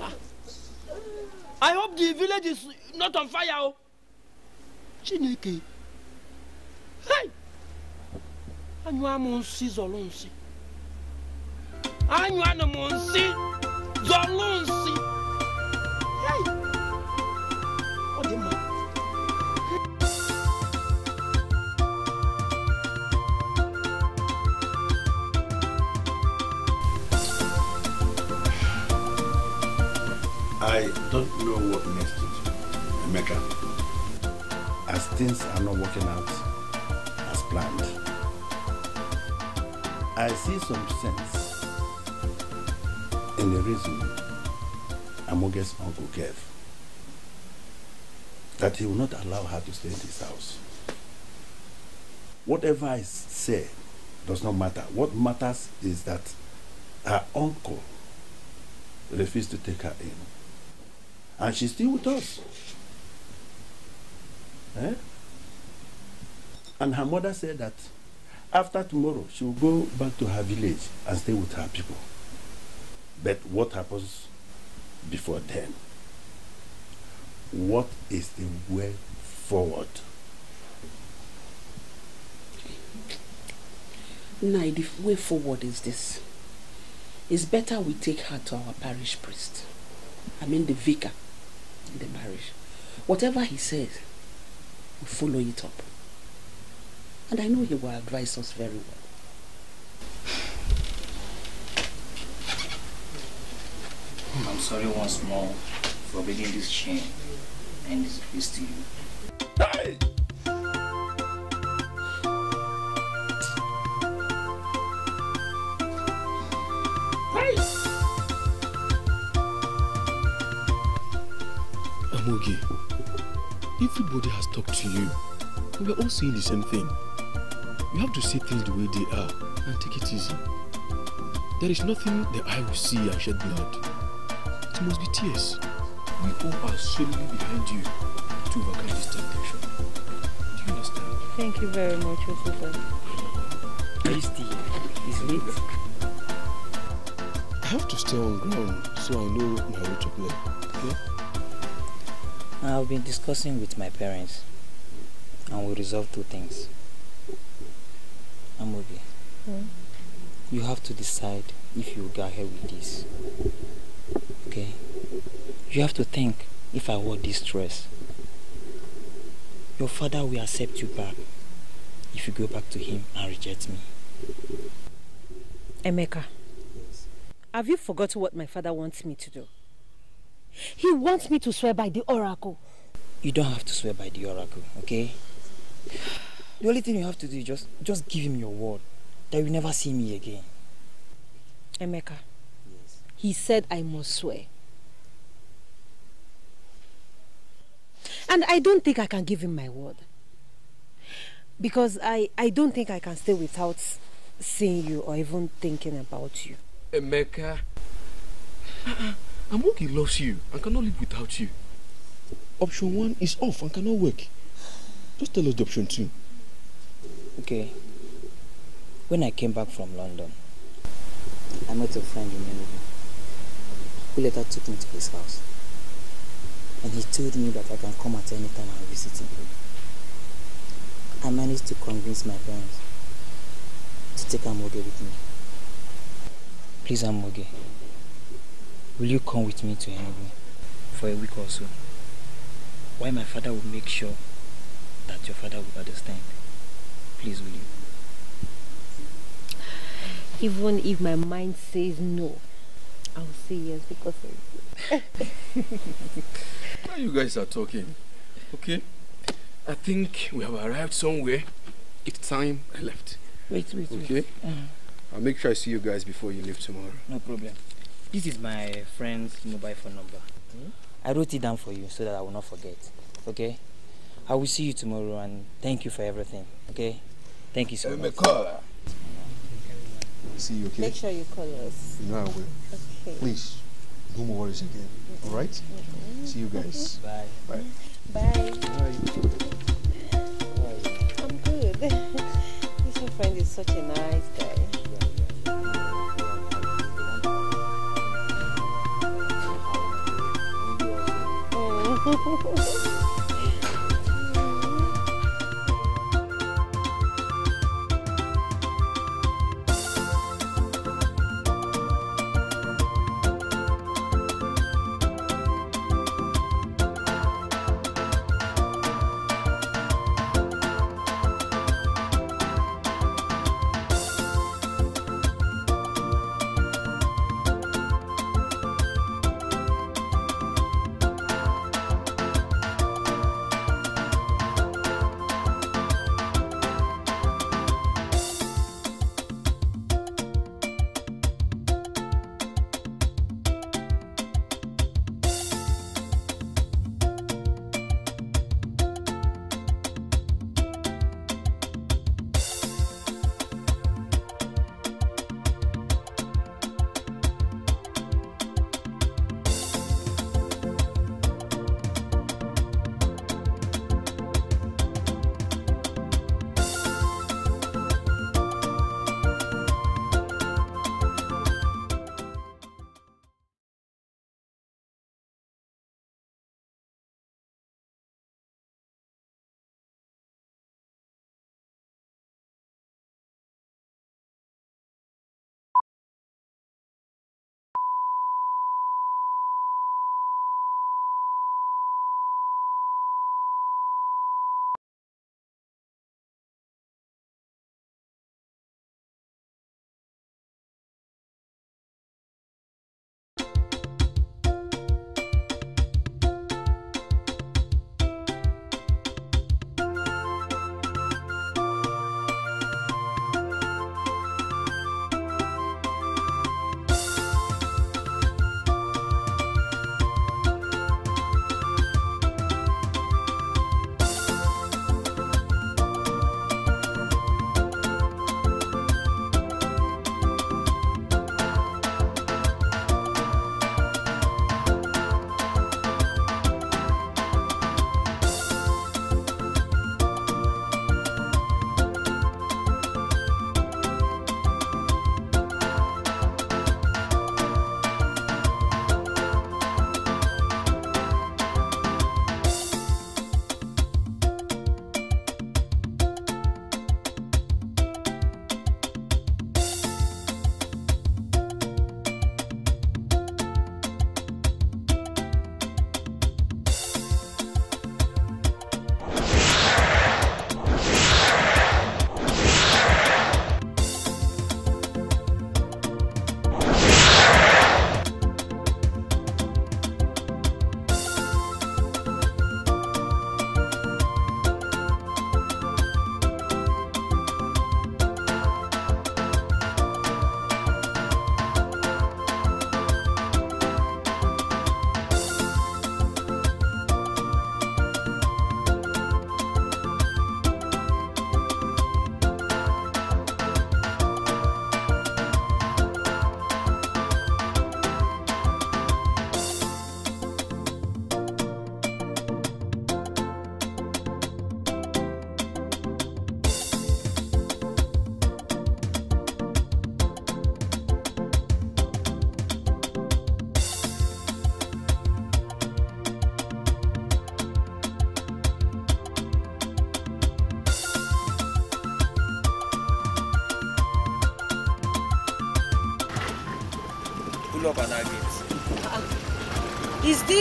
Ah. I hope the village is not on fire. Oh. Chineke. Hey! Anywa mo nsi zolo nsi. Anywa no mo nsi. I don't know what next do, Emeka. As things are not working out as planned, I see some sense in the reason Amoge's uncle gave that he will not allow her to stay in his house. Whatever I say does not matter. What matters is that her uncle refused to take her in. And she's still with us. Eh? And her mother said that after tomorrow, she will go back to her village and stay with her people. But what happens before then? What is the way forward? Now, the way forward is this. It's better we take her to our parish priest. I mean the vicar in the marriage. Whatever he says, we follow it up. And I know he will advise us very well. Hmm, I'm sorry once more for breaking this chain and this peace to you. Hey! Mogi, everybody has talked to you. And we're all saying the same thing. You have to see things the way they are and take it easy. There is nothing the eye will see and shed blood. It must be tears. We all are solely behind you to overcome this temptation. Do you understand? Thank you very much, Osuba. Christy, Is late. I have to stay on ground so I know my way to play, okay? I've been discussing with my parents and we resolved two things. Amobi, mm. you have to decide if you will go ahead with this. Okay? You have to think if I wore this dress. Your father will accept you back if you go back to him and reject me. Emeka, have you forgotten what my father wants me to do? He wants me to swear by the oracle. You don't have to swear by the oracle, okay? The only thing you have to do is just, just give him your word that you will never see me again. Emeka, yes. he said I must swear. And I don't think I can give him my word. Because I, I don't think I can stay without seeing you or even thinking about you. Emeka. Uh-uh. Amoki loves you and cannot live without you. Option one is off and cannot work. Just tell us the option two. Okay. When I came back from London, I met a friend in Enugu who later took me to his house. And he told me that I can come at any time i visit him. I managed to convince my parents to take Amoge with me. Please, Amoge. Will you come with me to Enugu for a week or so? Why my father will make sure that your father will understand. Please, will you? Even if my mind says no, I'll say yes because of you. you guys are talking, okay? I think we have arrived somewhere. It's time I left. Wait, wait, okay? wait. Okay? Uh mm. -huh. I'll make sure I see you guys before you leave tomorrow. No problem. This is my friend's mobile phone number. Hmm? I wrote it down for you so that I will not forget. Okay? I will see you tomorrow and thank you for everything. Okay? Thank you so much. call her. See you, okay? Make sure you call us. You know I will. Okay. Please, no more worries again. All right? Mm -hmm. See you guys. Bye. Mm-hmm. Bye. Bye. Bye. Bye. I'm good. this friend is such a nice guy. Tchau.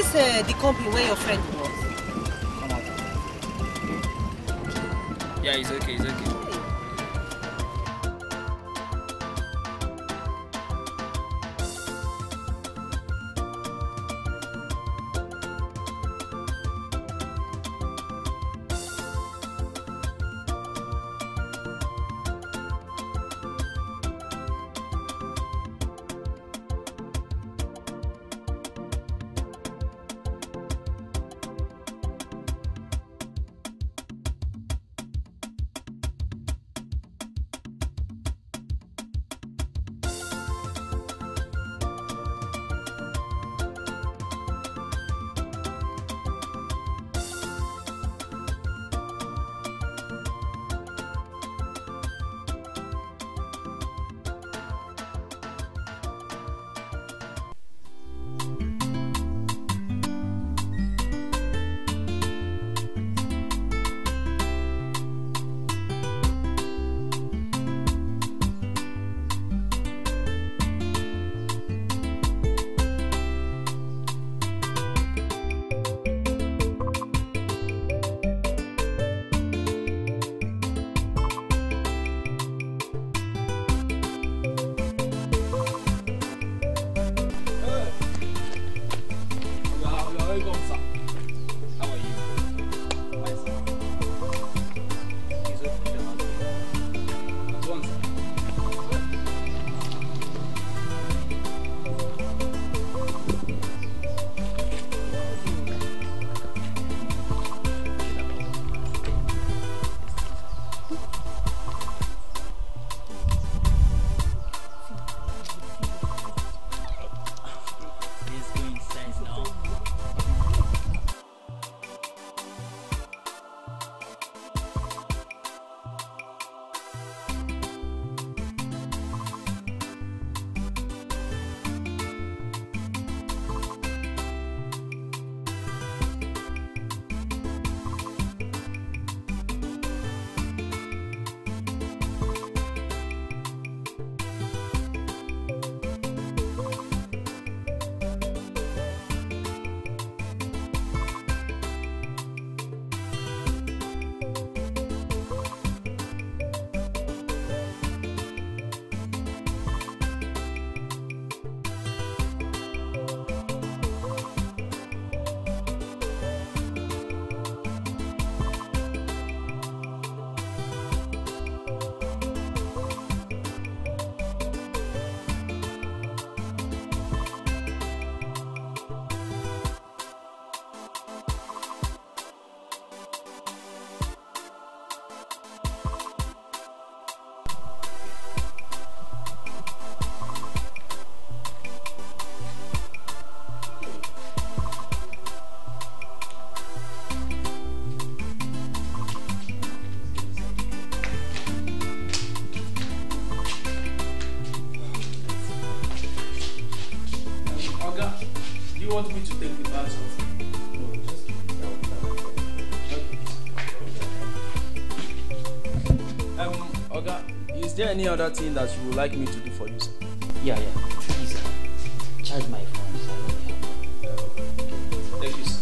this uh, the company where your friend was? Yeah, it's okay. It's want me to take the something? No, Um, Oga, is there any other thing that you would like me to do for you, sir? Yeah, yeah. Please, uh, Charge my phone, sir. Uh, Thank you, sir.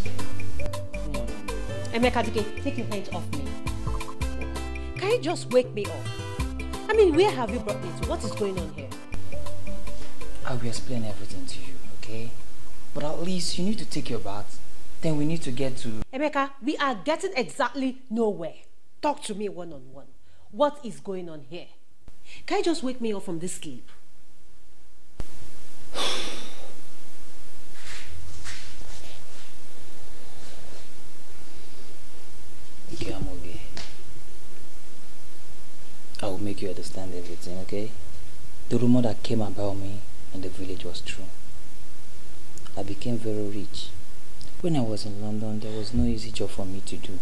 Emeka take your hands off me. Can you just wake me up? I mean, where have you brought me to? What is going on here? I will explain everything to you. Please, you need to take your bath. Then we need to get to... Emeka, we are getting exactly nowhere. Talk to me one-on-one. -on -one. What is going on here? Can you just wake me up from this sleep? okay, I'm okay. I will make you understand everything, okay? The rumor that came about me in the village was true. I became very rich. When I was in London, there was no easy job for me to do.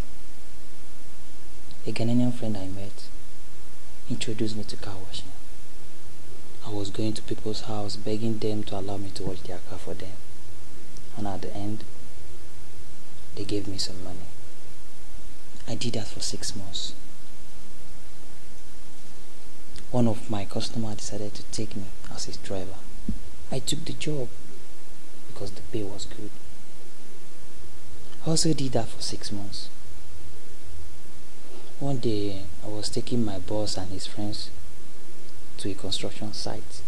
A Ghanaian friend I met introduced me to car washing. I was going to people's house begging them to allow me to wash their car for them. And at the end, they gave me some money. I did that for six months. One of my customers decided to take me as his driver. I took the job because the pay was good. I also did that for six months. One day, I was taking my boss and his friends to a construction site.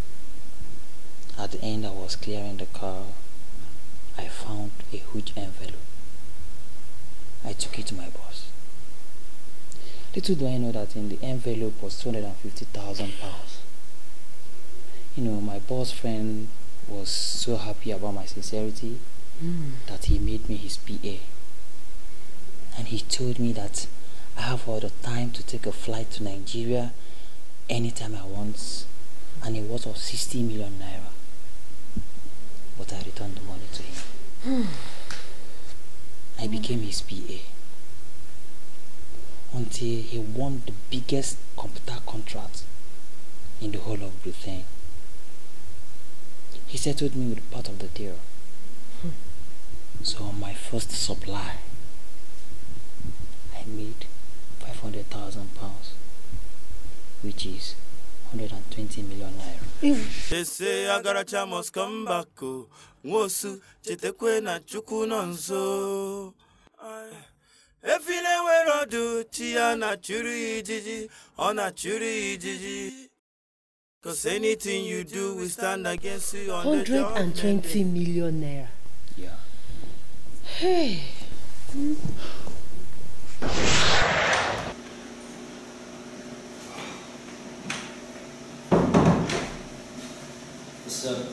At the end, I was clearing the car. I found a huge envelope. I took it to my boss. Little do I know that in the envelope was 250,000 pounds. You know, my boss friend was so happy about my sincerity mm. that he made me his PA. And he told me that I have all the time to take a flight to Nigeria anytime I want and it was of 60 million naira. But I returned the money to him. Hmm. I became his PA until he won the biggest computer contract in the whole of Britain. He settled me with part of the deal. Hmm. So on my first supply, I made 500,000 pounds, which is 120 million naira. They say Agaracha must come back. Wosu, chetekwe na chuku nonzo. Efile wero du, chia na churu ijiji, ona churu ijiji. Because anything you do, we stand against you on 120 million naira. Yeah. Hey. Mm. It's a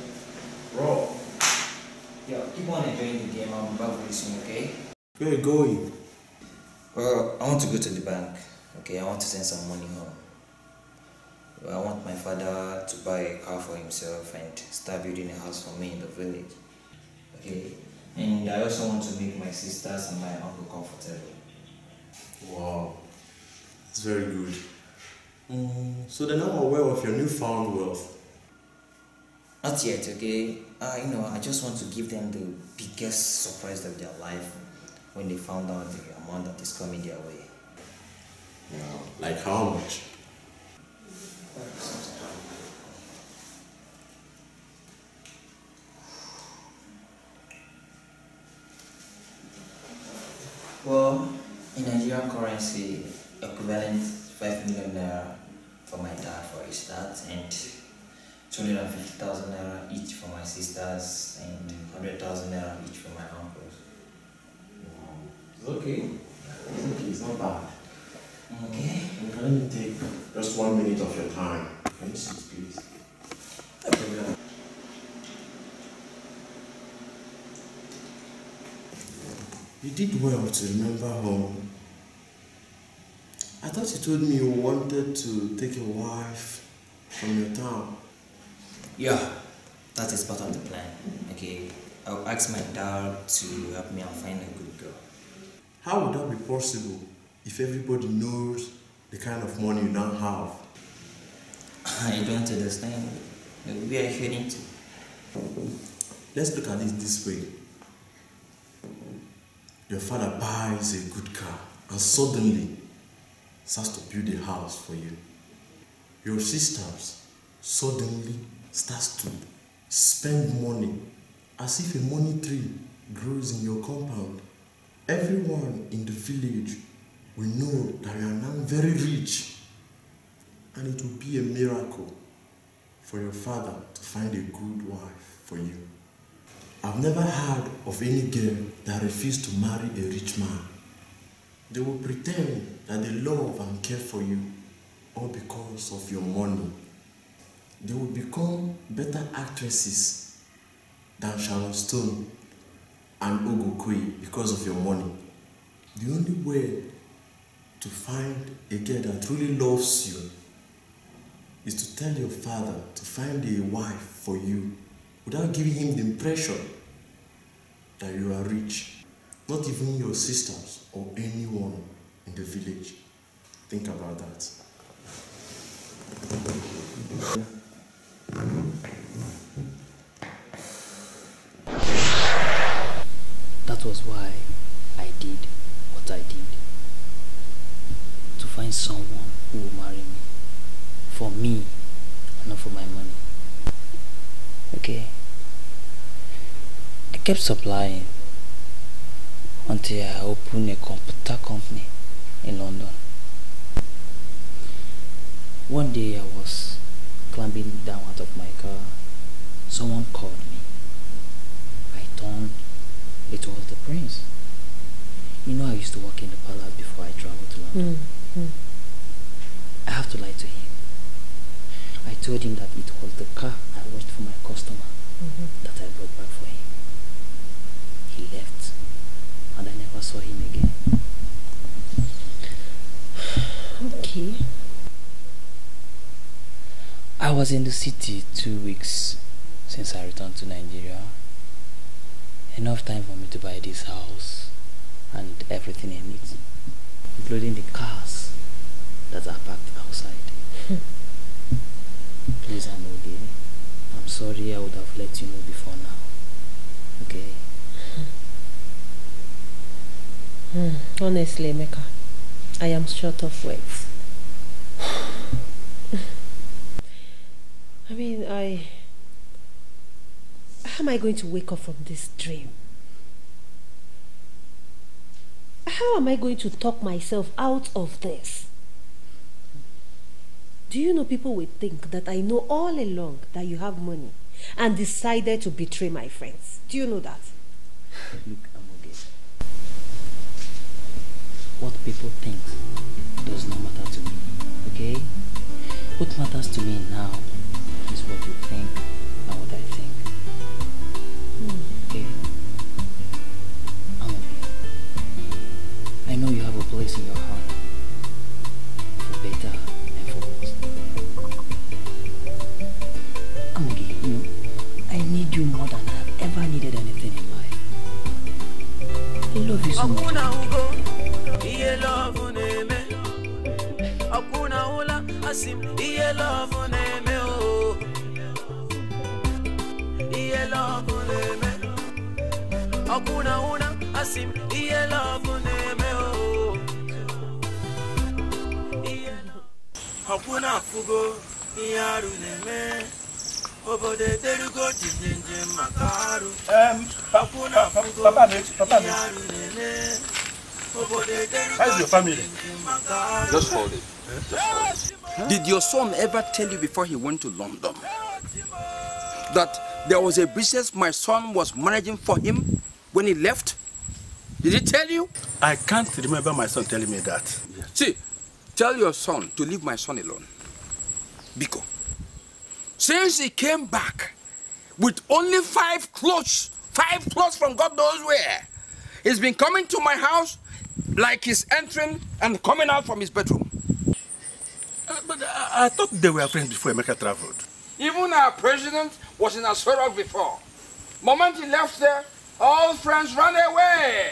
raw. Yeah, keep on enjoying the game. I'm about racing, okay? Where are you going? Well, I want to go to the bank. Okay, I want to send some money home. I want my father to buy a car for himself and start building a house for me in the village. Okay. And I also want to make my sisters and my uncle comfortable. Wow. It's very good. Mm, so they're now aware of your newfound wealth. Not yet, okay? Uh, you know, I just want to give them the biggest surprise of their life when they found out the amount that is coming their way. Wow. Like how much? Well, in Nigerian currency, equivalent 5 million naira for my dad for his dad and 250,000 naira each for my sisters and 100,000 naira each for my uncles. Wow. It's okay. It's okay, it's not bad. Okay. Let me take just one minute of your time. Can you sit, please? Okay. You did well to remember home. I thought you told me you wanted to take a wife from your town. Yeah, that is part of the plan. Okay, I'll ask my dad to help me and find a good girl. How would that be possible? if everybody knows the kind of money you now have? I don't understand We are heading to. Let's look at it this way. Your father buys a good car and suddenly starts to build a house for you. Your sisters suddenly starts to spend money as if a money tree grows in your compound. Everyone in the village we know that we are now very rich. And it will be a miracle for your father to find a good wife for you. I've never heard of any girl that refused to marry a rich man. They will pretend that they love and care for you all because of your money. They will become better actresses than Sharon Stone and Ogo because of your money. The only way to find a girl that truly loves you is to tell your father to find a wife for you without giving him the impression that you are rich, not even your sisters or anyone in the village. Think about that. That was why I did what I did find someone who will marry me for me and not for my money. Okay. I kept supplying until I opened a computer company in London. One day I was climbing down out of my car. Someone called me. I turned. It was the prince. You know, I used to work in the palace before I traveled to London. Mm to lie to him. I told him that it was the car I washed for my customer mm -hmm. that I brought back for him. He left and I never saw him again. Okay. I was in the city two weeks since I returned to Nigeria. Enough time for me to buy this house and everything in it, including the cars that are parked society. Hmm. Please, I'm okay. I'm sorry I would have let you know before now. Okay? Mm, honestly, Mecca, I am short of words. I mean, I... How am I going to wake up from this dream? How am I going to talk myself out of this? Do you know people will think that I know all along that you have money and decided to betray my friends? Do you know that? Look, Amoge, what people think does not matter to me, okay? What matters to me now Where's your family? Just hold it. Did your son ever tell you before he went to London that there was a business my son was managing for him when he left? Did he tell you? I can't remember my son telling me that. See, tell your son to leave my son alone. Biko. Since he came back with only five clothes, five clothes from God knows where, he's been coming to my house like he's entering and coming out from his bedroom. Uh, but I, I, thought they were friends before America traveled. Even our president was in Asorok before. Moment he left there, all friends ran away.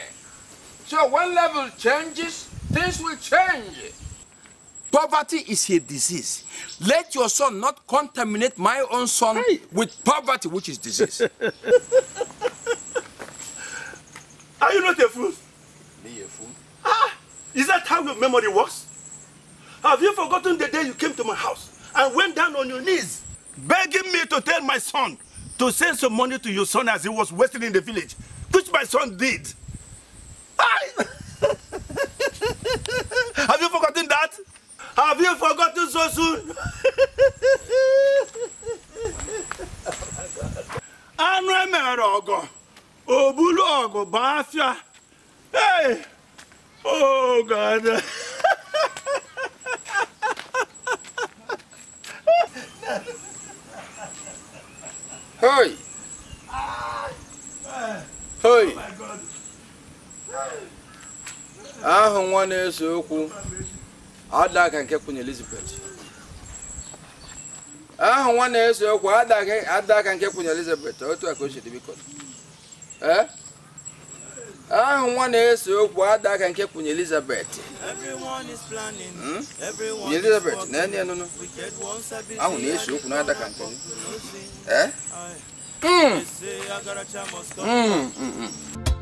So when level changes, things will change. Poverty is a disease. Let your son not contaminate my own son hey. with poverty, which is disease. Are you not a fool? Ah, is that how your memory works? Have you forgotten the day you came to my house and went down on your knees, begging me to tell my son to send some money to your son as he was wasting in the village, which my son did? I... Have you forgotten that? Have you forgotten so soon? Anụ emere ọgọ, obulu ọgụ bụ Hey! Oh, God. hey Hoi. Ahụ nwa na-ese okwu ada ka nke kwunye Elizabeth. Ahụ nwa na-ese okwu ada ka nke kwunye Elizabeth otu a ka o si dị biko. Eh? ahụ nwa na-ese okwu adaka nke nke kwunye Elizabeth hmm? kwunye Elizabeth na enye nụnụ ahụ na-ese okwu na ada ka nke eh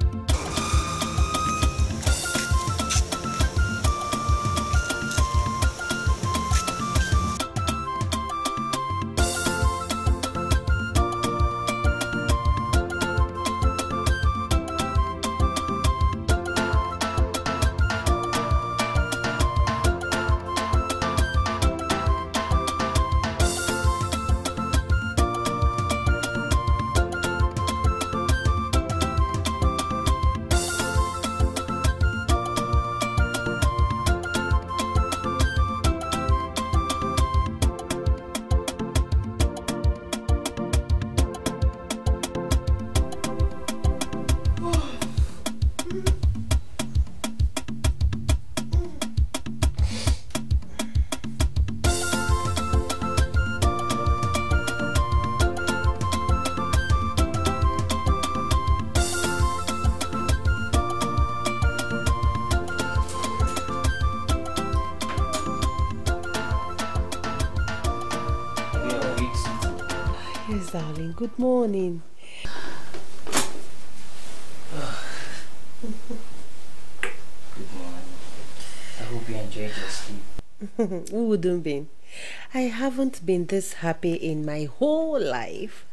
Good morning. Good morning. I hope you enjoyed your sleep. Who wouldn't been. I haven't been this happy in my whole life.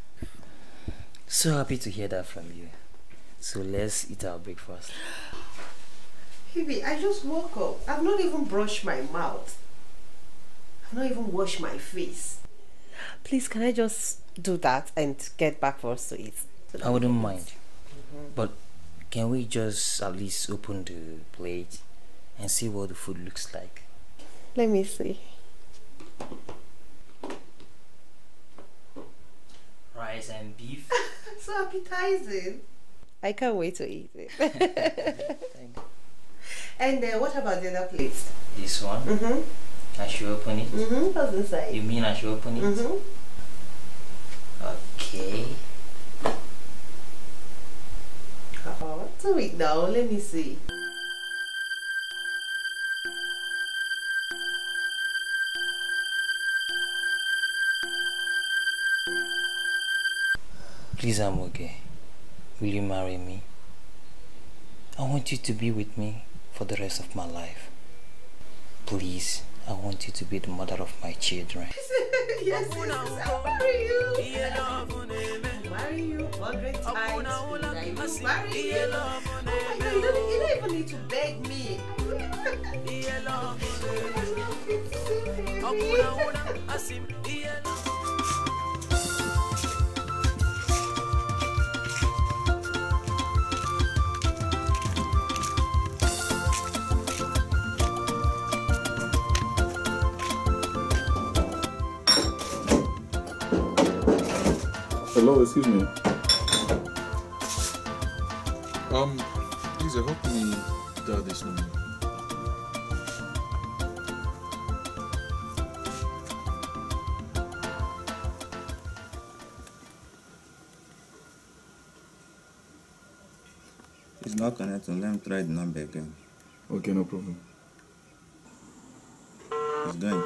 So happy to hear that from you. So let's eat our breakfast. Phoebe, I just woke up. I've not even brushed my mouth. I've not even washed my face. Please, can I just do that and get back for us to eat. I wouldn't mind, mm -hmm. but can we just at least open the plate and see what the food looks like? Let me see. Rice and beef. so appetizing. I can't wait to eat it. and uh, what about the other plate? This one? Mm -hmm. I should open it? Mm -hmm. What's inside? You mean I should open it? Mm -hmm. Okay. Oh, a it now. Let me see. Please, I'm okay. Will you marry me? I want you to be with me for the rest of my life. Please. I want you to be the mother of my children. yes, yes, yes. marry you. marry you. Margaret, I will marry you. Oh my God, you don't, you don't even need to beg me. I love you. Hello, excuse me. Um, please help me dial this number. It's not connected. Let me try the number again. Okay, no problem. It's going.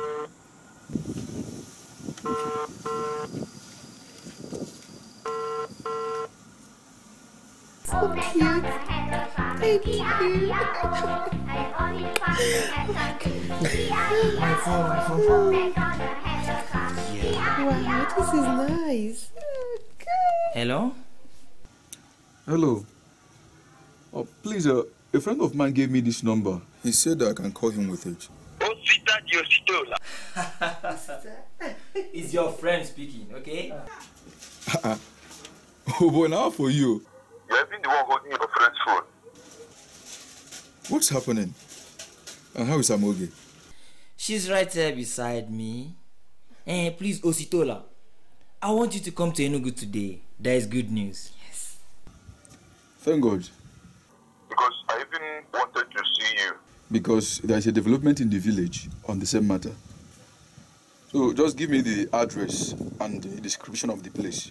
so cute. Thank you. my phone, my phone. Wow, this is nice. Okay. Hello? Hello. Oh, please, uh, a friend of mine gave me this number. He said that I can call him with it. it's your friend speaking, okay? oh boy, now for you. You have been the one holding your friend's phone. What's happening? And how is Amogi? She's right there beside me. Eh, please, Ositola. I want you to come to Enugu today. That is good news. Yes. Thank God. Because I even wanted to see you. Because there is a development in the village on the same matter. So just give me the address and the description of the place.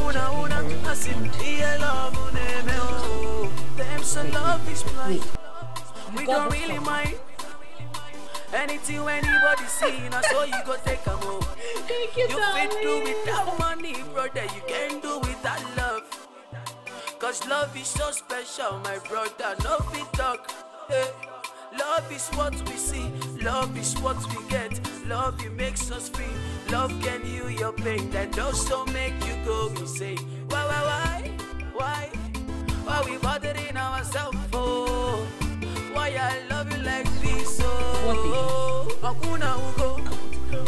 una una Asintía la moneda Them so love is blind We don't really mind Anything when anybody see na so you go take a move You can do without money brother You can do without love Cause love is so special my brother No fit talk hey. Love is what we see Love is what we get Love it makes us feel Love can heal your pain that also make you go insane. Why, why, why, why? Why we bothering ourselves for? Why I love you like this? Oh, Hakuna ugo,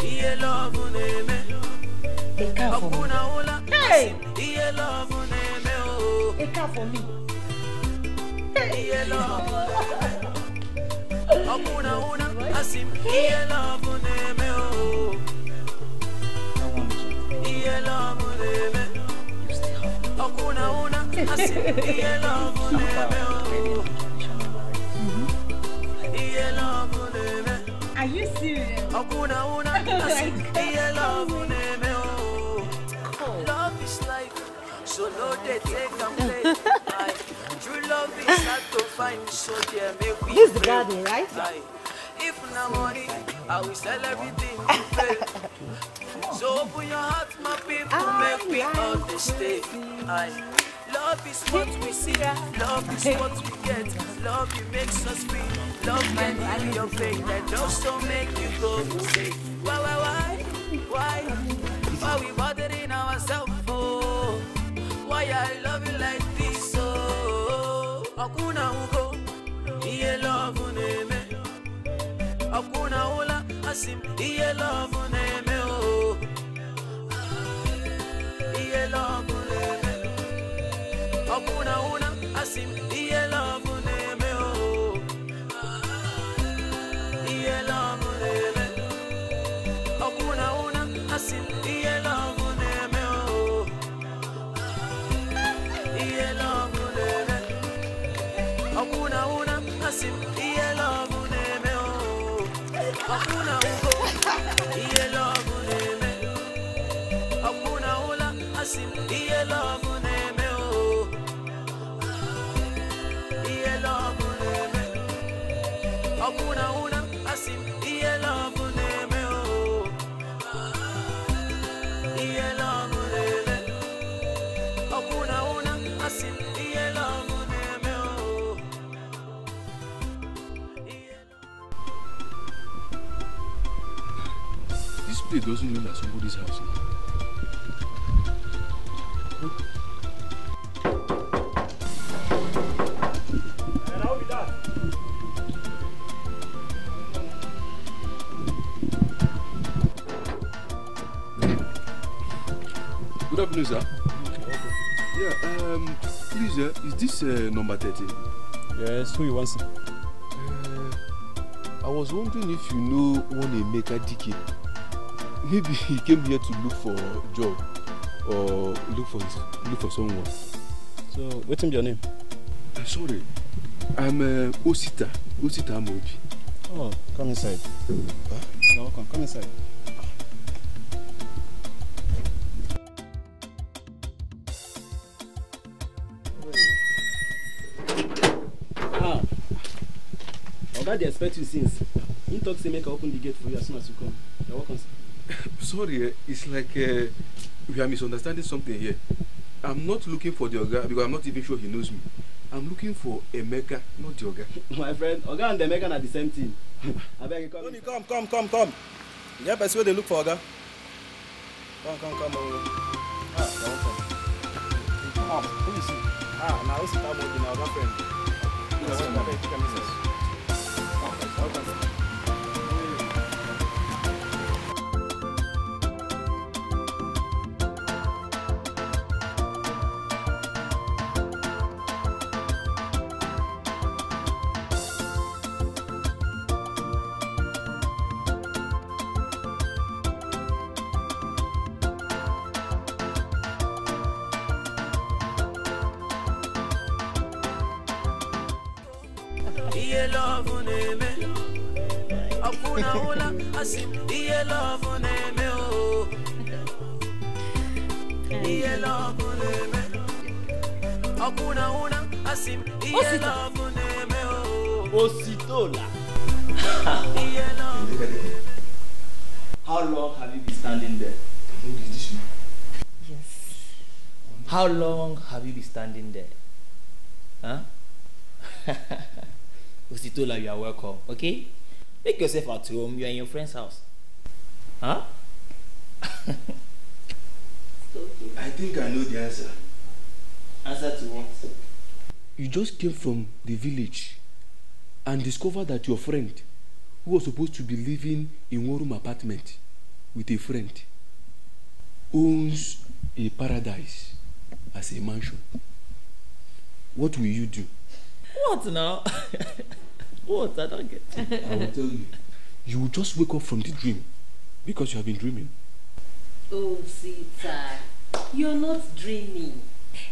iye love uneme. Hakuna ula, hey, iye love uneme. Oh, eka for me. Iye love uneme. Hakuna una, asim iye love uneme. Oh. Are you serious? Love is so no they take play. True love is hard to find, so dear, make This is the garden, right? for no money. I will sell everything for free. So open your heart, my people, I make we all this day. I Love is what we see, love is what we get. Love it makes us free. Love can heal your pain and also make you go say, why, why, why, why, why we bothering ourselves? Oh, why I love you like this? Oh, Akuna ugo, iye love uneme hakuna ula asim iye love neeme o oh. iye love neeme oh. hakuna una asim Ihe love It doesn't mean that somebody's house. Good afternoon, sir. Yeah, um, please, uh, is this uh, number 13? Yes, who you want, sir? Uh, I was wondering if you know one Emeka Dike. Maybe he came here to look for job or look for look for someone. So, what's your name? Uh, sorry, I'm uh, Osita, Osita Mobi. Oh, come inside. Huh? You're welcome, come inside. Ah, Oga, they expect you since. He talks say make I open the gate for you as soon as you come. You're welcome, sir. Sorry, eh, it's like uh, eh, we are misunderstanding something here. I'm not looking for the Oga because I'm not even sure he knows me. I'm looking for Emeka, not the Oga. My friend, Oga and Emeka are the same thing. I beg you come. Tony, come, come, come, come. You have person they look for Oga. Come, come, come. Oh. Ah, come, come. Ah, who is he? Ah, now who's that one? Our friend. Yes, sir. Yes, sir. uneme hakuna ula love love hakuna love oh. là. How long have you been standing there? Yes. How long have you been standing there? Huh? Usitola, you are welcome. Okay? Make yourself at home. You are in your friend's house. Huh? I think I know the answer. Answer to what? You just came from the village and discovered that your friend, who was supposed to be living in one room apartment with a friend, owns a paradise as a mansion. What will you do? What now? what? I don't get it. I will tell you. You will just wake up from the dream because you have been dreaming. Oh, Sita, you're not dreaming.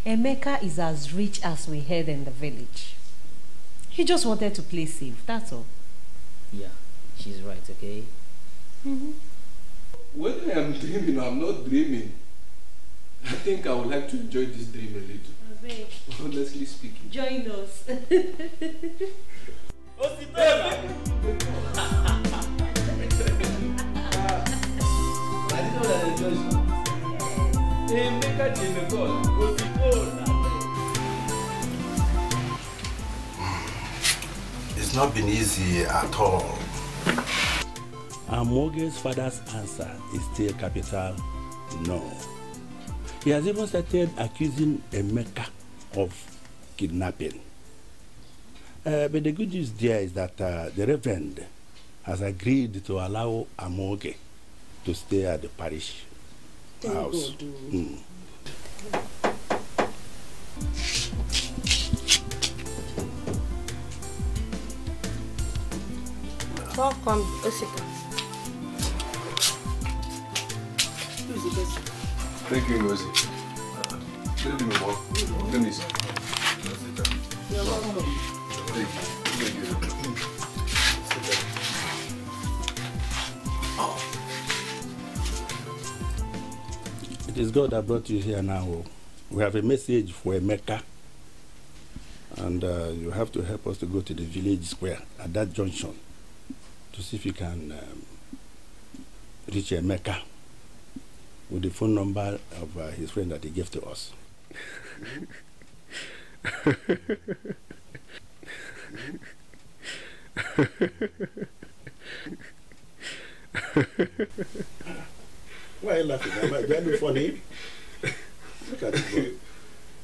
Emeka is as rich as we heard in the village. He just wanted to play safe, that's all. Yeah, she's right, okay? Mm -hmm. When I am dreaming, I'm not dreaming. I think I would like to enjoy this dream a little babe. Honestly speaking. Join us. It's not been easy at all. mortgage father's answer is still capital no. He has even started accusing Emeka of kidnapping. Uh, but the good news there is that uh, the Reverend has agreed to allow Amoge to stay at the parish Thank house. Mm. Welcome, Osika. Who's the best? Thank you, Ngozi. Let me walk. Let me Thank you. It is God that brought you here now. Oh. We have a message for Emeka. And uh, you have to help us to go to the village square at that junction to see if you can um, reach Emeka with the phone number of uh, his friend that he gave to us. Why are you laughing? Am I, do I look funny? Look at you.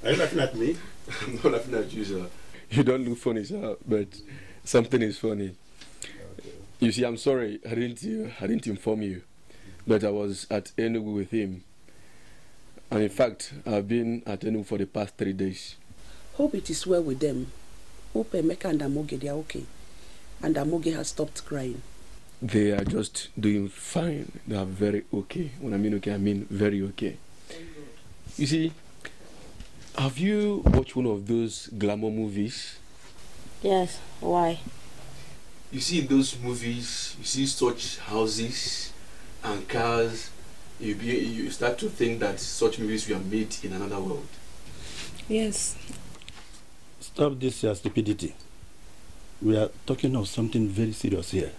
Are you laughing at me? I'm not laughing at you, sir. You don't look funny, sir, but something is funny. Okay. You see, I'm sorry. I didn't, uh, I didn't inform you but I was at Enugu with him. And in fact, I've been at Enugu for the past three days. Hope it is well with them. Hope Emeka and Amoge, they are okay. And Amoge has stopped crying. They are just doing fine. They are very okay. When I mean okay, I mean very okay. You see, have you watched one of those glamour movies? Yes. Why? You see those movies, you see such houses and cars, you, be, you start to think that such movies were made in another world. Yes. Stop this your stupidity. We are talking of something very serious here.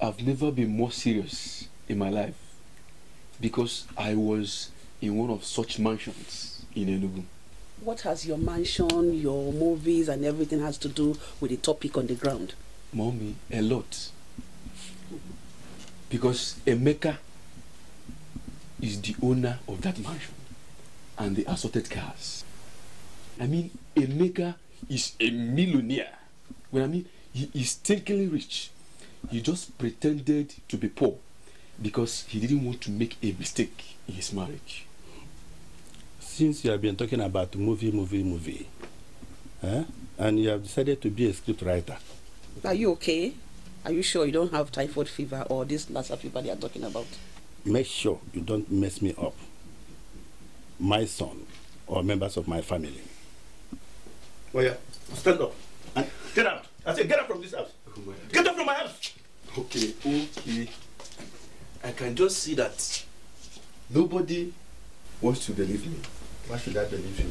I've never been more serious in my life because I was in one of such mansions in Enugu. What has your mansion, your movies and everything has to do with the topic on the ground? Mommy, a lot. Because a maker is the owner of that mansion and the assorted cars. I mean, a maker is a millionaire. When I mean, he is technically rich. He just pretended to be poor because he didn't want to make a mistake in his marriage. Since you have been talking about movie, movie, movie, eh? and you have decided to be a scriptwriter. Are you okay? Are you sure you don't have typhoid fever or this Lassa fever they are talking about? Make sure you don't mess me up. My son or members of my family. Oh yeah, stand up. And get out. I say, get out from this house. Oh, get out from my house. Okay, okay. I can just see that nobody wants to believe me. Why should I believe you?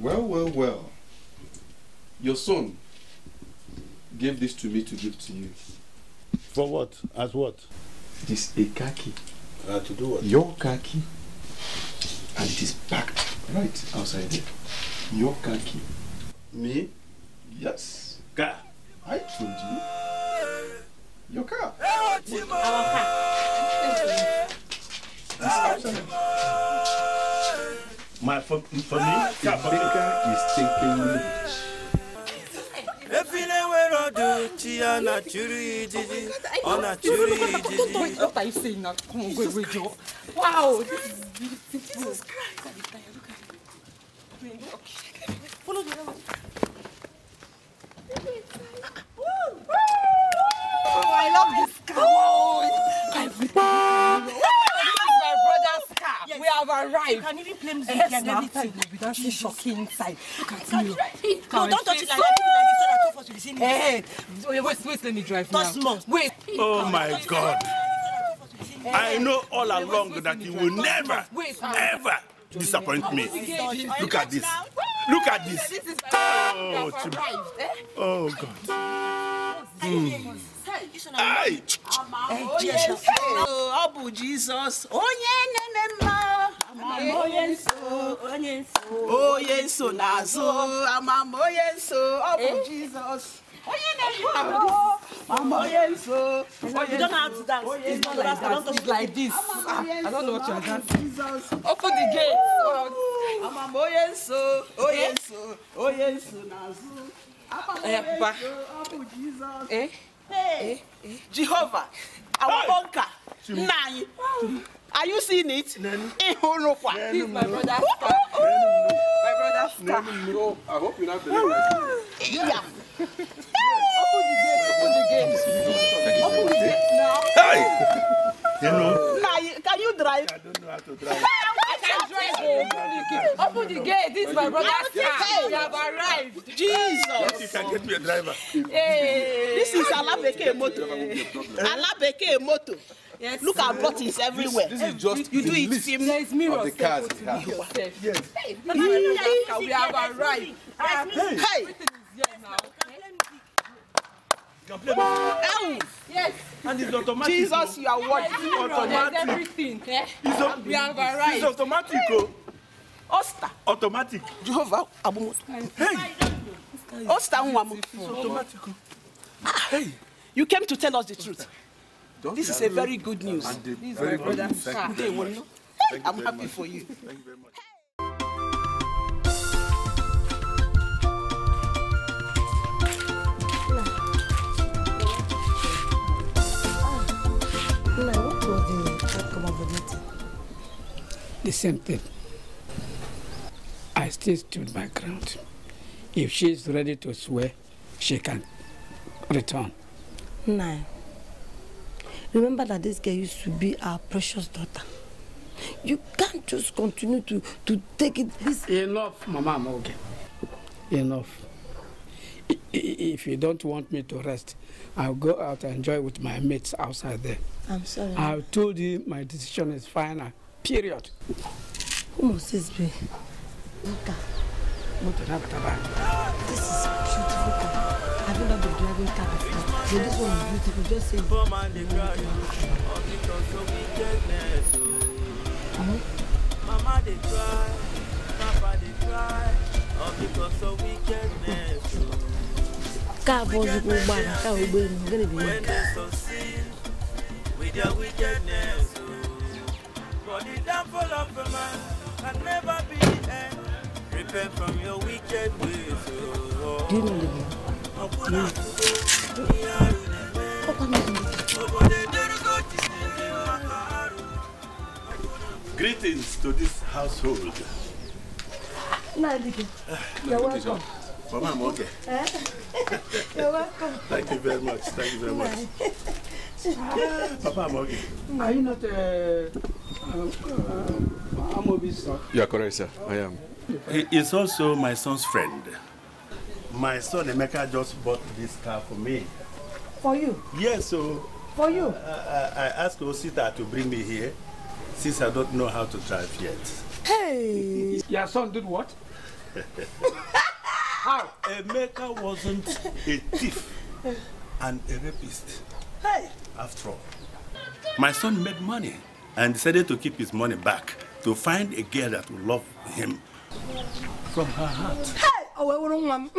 Well, well, well. Your son gave this to me to give to you. For what? As what? It is a khaki. Uh, to do what? Your khaki. And it is packed right outside there. Your khaki. Me? Yes. Car. I told you. Your car. Our car. My, for, for me? Car, is taking me. Efile wero do ti ana churi jiji. Oh, Ona churi jiji. Don't do on, go away, Wow, this is beautiful. Oh, I love this car. Oh, We have arrived. You can even blame Zeke yes, and everything. Yes, without see Shoki inside. Look at me. No, don't touch it like that. So that two Hey, wait, wait, let me drive now. Wait. Oh my God. I know all along that you will never, ever disappoint me. Look at this. Look at this. Oh, oh God. Mm ọ bụ jizọs onye na-eme mma onye nso onye nso n'azụ amam onye nso ọ bụ jizọs onye na-eme mma Mama, yeah, so. Oh, you don't have to dance. Oh, yeah, it's not like dance. It's like this. Ah, I don't know what you're dancing. Jesus. Open the gate. Mama, oh, yeah, so. Oh, yeah, so. Oh, yeah, so. Nazu. Papa. Eh? eh Eh, eh. Jehovah, our bunker, nine. Are you seeing it? Ihurukwa. He's my brother's star. My brother's star. No, I hope you're not believing Yeah. Open the gate, open the gate. now. Hey! can you drive? I don't know how to drive. I can drive. Open the gate. This is my brother. car. Jesus. If you can get me a driver. Hey. This is Alabeke moto. Alabeke moto. Yes. Look at buttons everywhere. This, this is just you do it list film. There is mirrors the cars Yes. Hey, we have arrived. Hey. Hey. Ow. Yes. And it's automatic. Jesus, oh. you are what? automatic. we have arrived. It's automatic. Oh. Hey. Osta. Automatic. Jehovah, Abumoto. Hey. Hey. You came to tell us the truth. Don't this is a very good news. And very good news. Thank you very much. Thank I'm happy much. for you. Thank you very much. The same thing. I still stood my ground. If she is ready to swear, she can return. Nine. Remember that this girl used to be our precious daughter. You can't just continue to, to take it this... Enough, Mama Morgan. Enough. If you don't want me to rest, I'll go out and enjoy with my mates outside there. I'm sorry. I've told you my decision is final. Period. Who must this be? Look okay. This is beautiful car. Have you not been driving car before? So this one is beautiful. Just say. Oh. Mama they cry, Papa they cry, all oh. because oh. of wickedness. Car boss go man. car will be gonna be. When with wickedness, for the downfall of a man can never be turn from your wicked ways. Oh, Do you know Olivia? Yes. Greetings to this household. Nandike, ah, you're welcome. Mama, I'm okay. Eh? you're welcome. Thank you very much. Thank you very much. Papa, I'm okay. Are you not uh, uh, uh, uh Amobi's son? You are correct, sir. I am. He is also my son's friend. My son Emeka just bought this car for me. For you? Yes, so. For you? I, I, I asked Osita to bring me here since I don't know how to drive yet. Hey! Your son did what? how? Emeka wasn't a thief and a rapist. Hey! After all. My son made money and decided to keep his money back to find a girl that would love him from her heart. Hey! Oh, I wouldn't want.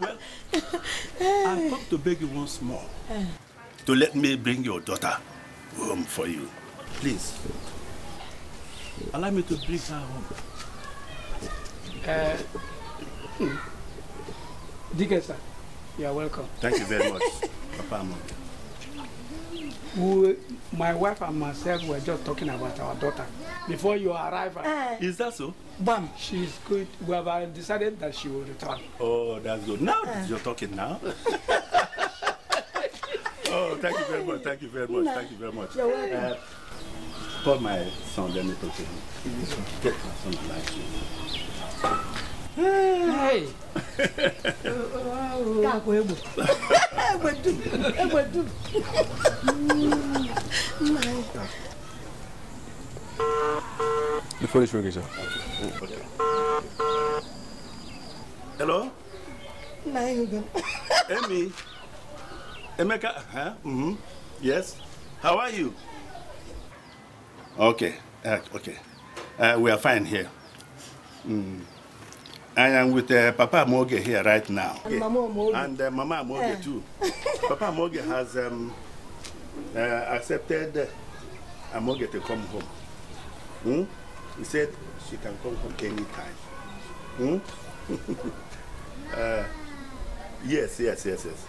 well, I come to beg you once more to let me bring your daughter home for you. Please, allow me to bring her home. Uh, hmm. Dike, sir, you are welcome. Thank you very much, Papa Amon we, my wife and myself were just talking about our daughter before your arrival. Uh, eh. Is that so? Bam, she's good. We have uh, decided that she will return. Oh, that's good. Now uh. you're talking now. oh, thank you very much. Thank you very much. Thank you very much. You're welcome. Uh, call my son. Let me talk to him. Get my son alive kakwa egbe egbe dum egbe dum the phone is ringing sir hello na ihugo emi emeka huh? mm -hmm. yes how are you okay uh, okay uh, we are fine here mm. I am with uh, Papa Moge here right now. And Mama Moge. And uh, Mama Moge yeah. too. Papa Moge has um, uh, accepted Moge to come home. Hmm? He said she can come home anytime. Hmm? Uh, yes, yes, yes, yes.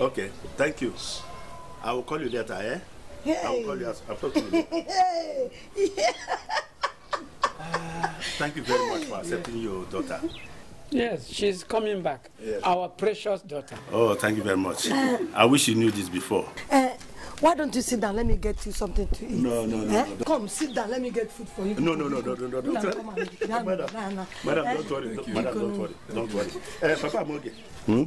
Okay, thank you. I will call you later, eh? Hey. I will call you. I'll talk to you. Later. hey. yeah thank you very much for accepting your daughter. Yes, she's coming back. Yes. Our precious daughter. Oh, thank you very much. Uh, I wish you knew this before. Uh, why don't you sit down? Let me get you something to eat. No, no, no. Eh? no, Come, sit down. Let me get food for you. No, no, no, no, no, no. Don't worry. Madam, madam, don't eh? worry. madam, don't worry. Don't worry. Uh, Papa Moge, hmm?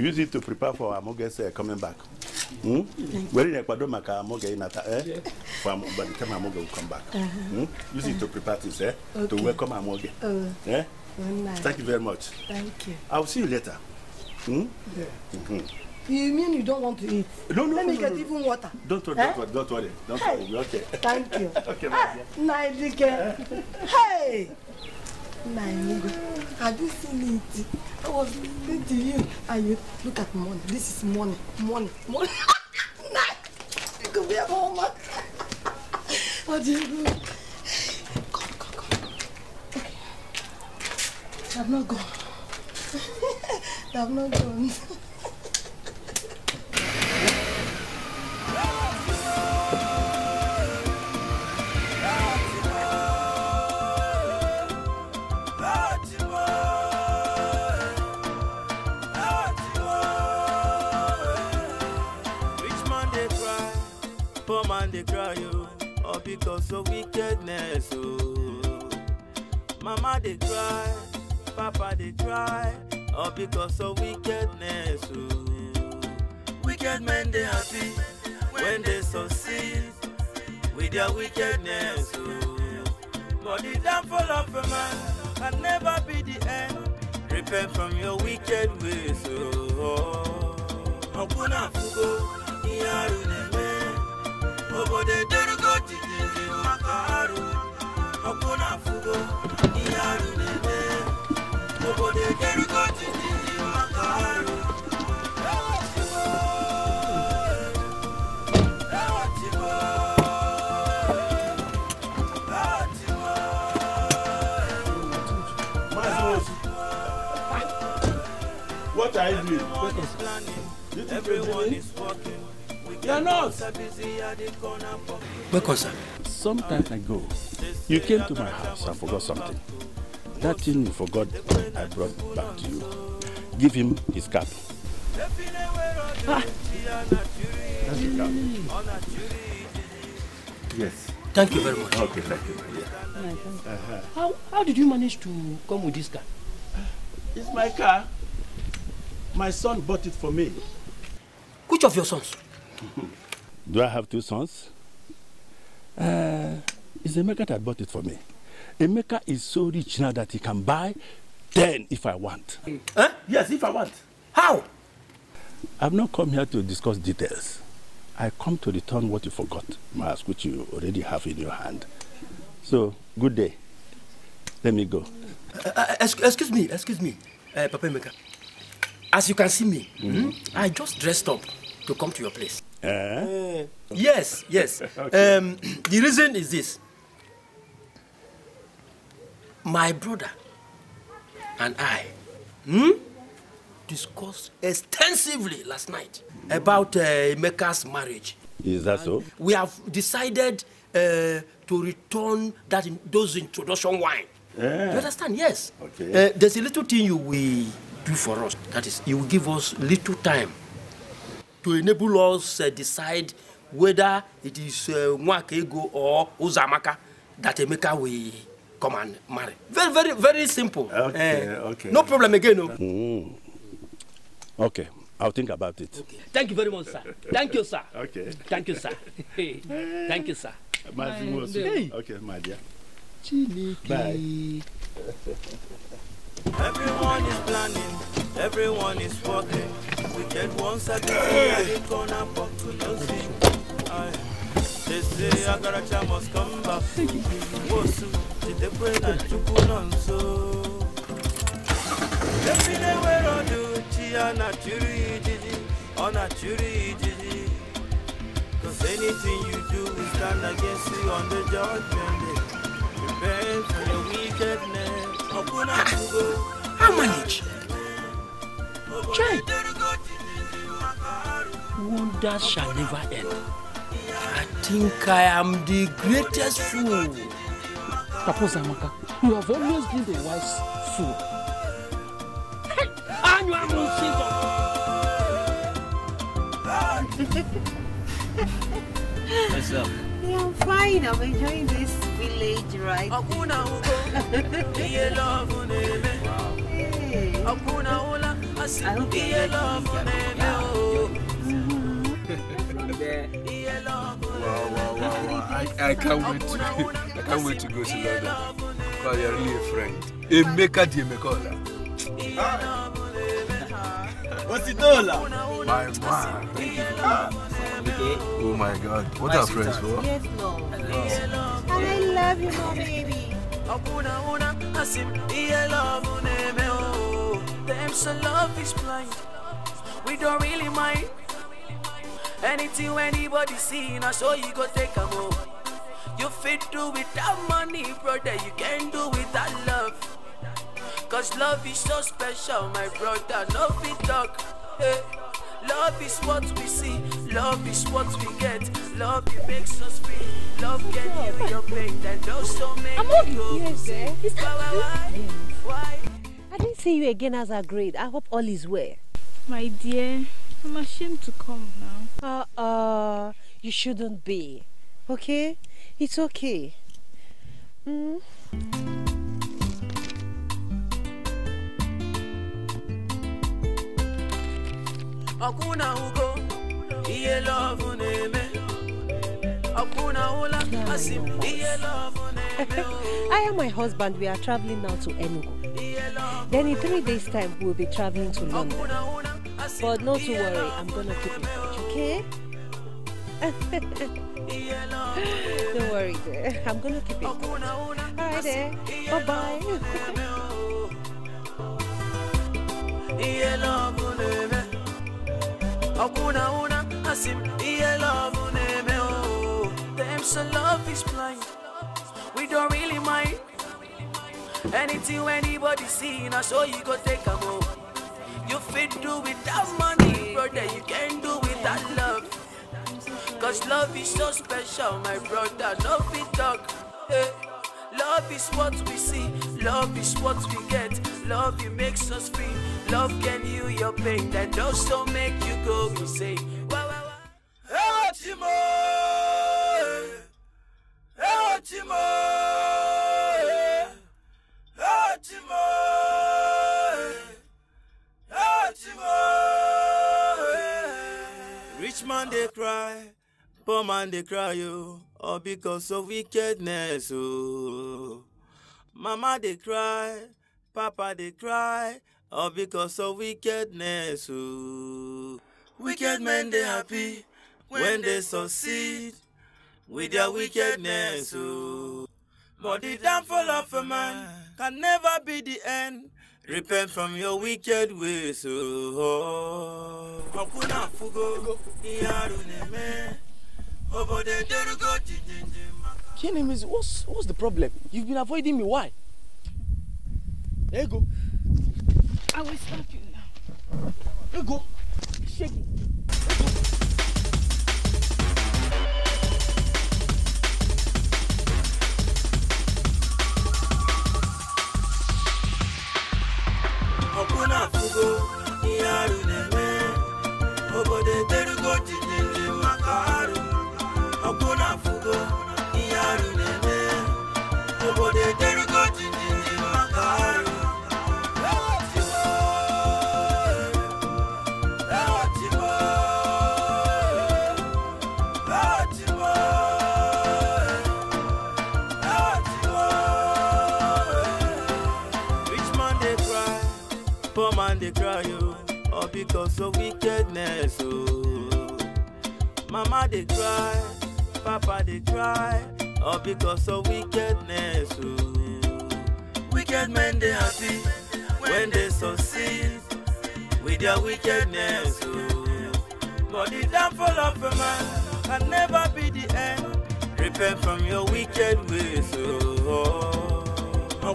use it to prepare for Amoge's uh, coming back. Hmm? Wearing a kwado maka Amoge in ata, eh? Yeah. For, by the time Amoge will come back. Uh -huh. hmm? Use it to prepare this, eh? Okay. To welcome Amoge. Uh, eh? Oh, Thank you very much. Thank you. I'll see you later. Hmm? Yeah. Mm -hmm. You mean you don't want to eat? No, no, Let no, me no, get no. even water. Don't worry, eh? don't worry, don't worry. Hey. Okay. Thank you. okay, my ah, dear. Hey. hey! Naimugo, have you seen it? I was listening to you and you look at money. This is money, money, money. you could be a woman. what do you do? Come, come, come. Okay. have not gone. have not gone. poor man they cry oh all because of wickedness oh mama they cry papa they cry all because of wickedness oh wicked men they happy when they succeed with their wickedness oh but the downfall of a man can never be the end repent from your wicked ways oh ọ̀pọ̀nà fúgó ìyá obodo edorogo jijiji maka arụ ọkwụ na afụgo ihe arụ na-eme obodo edorogo jijiji maka arụ What are you doing? Everyone is working. You're not. Because some time ago, you came to my house and forgot something. That thing you forgot, I brought back to you. Give him his cap. Ah. That's your cap. Yes. Thank you very much. Okay, thank you. Yeah. Uh -huh. How how did you manage to come with this car? It's my car. My son bought it for me. Which of your sons? Do I have two sons? Uh, it's Emeka that bought it for me. Emeka is so rich now that he can buy 10 if I want. Huh? Eh? Yes, if I want. How? I've not come here to discuss details. I come to return what you forgot, Mask, which you already have in your hand. So, good day. Let me go. uh, uh excuse me, excuse me, uh, Papa Emeka. As you can see me, mm -hmm. I just dressed up to come to your place. Uh, yes, yes. okay. um, the reason is this. My brother and I hmm, discussed extensively last night about uh, Emeka's marriage. Is that and so? We have decided uh, to return that in, those introduction wine. Yeah. You understand? Yes. Okay. Uh, there's a little thing you will do for us. That is, you will give us little time to enable us uh, decide whether it is uh, Mwakego or Uzamaka that Emeka we come and marry. Very, very, very simple. Okay, uh, okay. No problem again. No. Oh. Mm. Okay, I'll think about it. Okay. Thank you very much, sir. Thank you, sir. okay. Thank you, sir. Thank you, sir. Hey. Okay, my dear. Chiniki. Bye. Everyone is planning, everyone is working. We Wicked we are gonna fuck to nothing. They say Agaracha must come back. Wosu, did they pray that you could Every day we're on duty, and a jury did it, on a jury Cause anything you do we stand against you on the judgment day. Prepare for your wickedness. I manage. Chai. Wonders shall never end. I think I am the greatest fool. Papa Zamaka, you have always been the wise fool. And you are Monsignor. What's up? Yeah, I'm fine. I'm enjoying this. village, right? Akuna ugo, iye love uneme. Akuna ula, asiku iye love uneme. Wow, wow, wow, wow. I, I can't wait to I can't wait to go to London. Because you're really a friend. A Emeka di Emekola. What's it all? My man. Oh my god. What are friends for? Yes, no. I love you, my baby. Hakuna una hasim iya love uneme oh. Them so love is blind. We don't really mind. Anything anybody see, now so you go take a move. Oh. You fit do without money, brother. You can not do without love. Cause love is so special, my brother. No fit talk. Hey. Eh, love is what we see, love is what we get, love it makes us free. Love can heal your pain make I'm you okay. yes, eh? I didn't see you again as agreed. I hope all is well. My dear, I'm ashamed to come now. Uh uh, you shouldn't be. Okay? It's okay. Mm. Akuna ugo, love uneme. I and my husband, we are traveling now to Enugu. Then in three days' time, we'll be traveling to London. But not to worry, I'm gonna keep in touch, okay? Don't worry, I'm gonna keep it. Alright, there. Bye bye. Them so love is blind. We don't really mind. Anything anybody see, now so you go take a move. You fit do without money, brother. You can do without love. Cause love is so special, my brother. No fit talk. Hey. Eh, love is what we see, love is what we get. Love it makes us free. Love can heal your pain that also make you go insane. Wow, wow, Hey, Rich man they cry, poor man they cry, oh, all because of wickedness, oh. Mama they cry, papa they cry, all because of wickedness, oh. Wicked men they happy when they succeed. with their wickedness. Oh. But the downfall of a man can never be the end. Repent from your wicked ways. Oh. Ọ̀kúnà what's, what's the problem? You've been avoiding me. Why? There you go. I will stop you now. you go. Shake it. eterugo ihe arụ na-eme obodo eterugo jidere maka arụ ọkwụ na afụgo They cry papa they cry all because of wickedness ooh. wicked men they happy when they succeed with their wickedness ooh. but the downfall of a man can never be the end repent from your wicked ways o. Oh.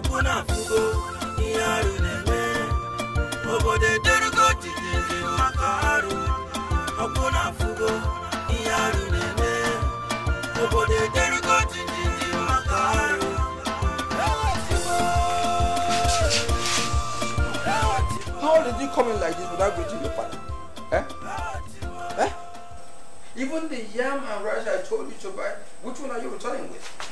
ọ̀pọ̀ náà fúgo How did you come in like this without greeting your father? Eh? Eh? Even the yam and rice I told you to buy, which one are you returning with?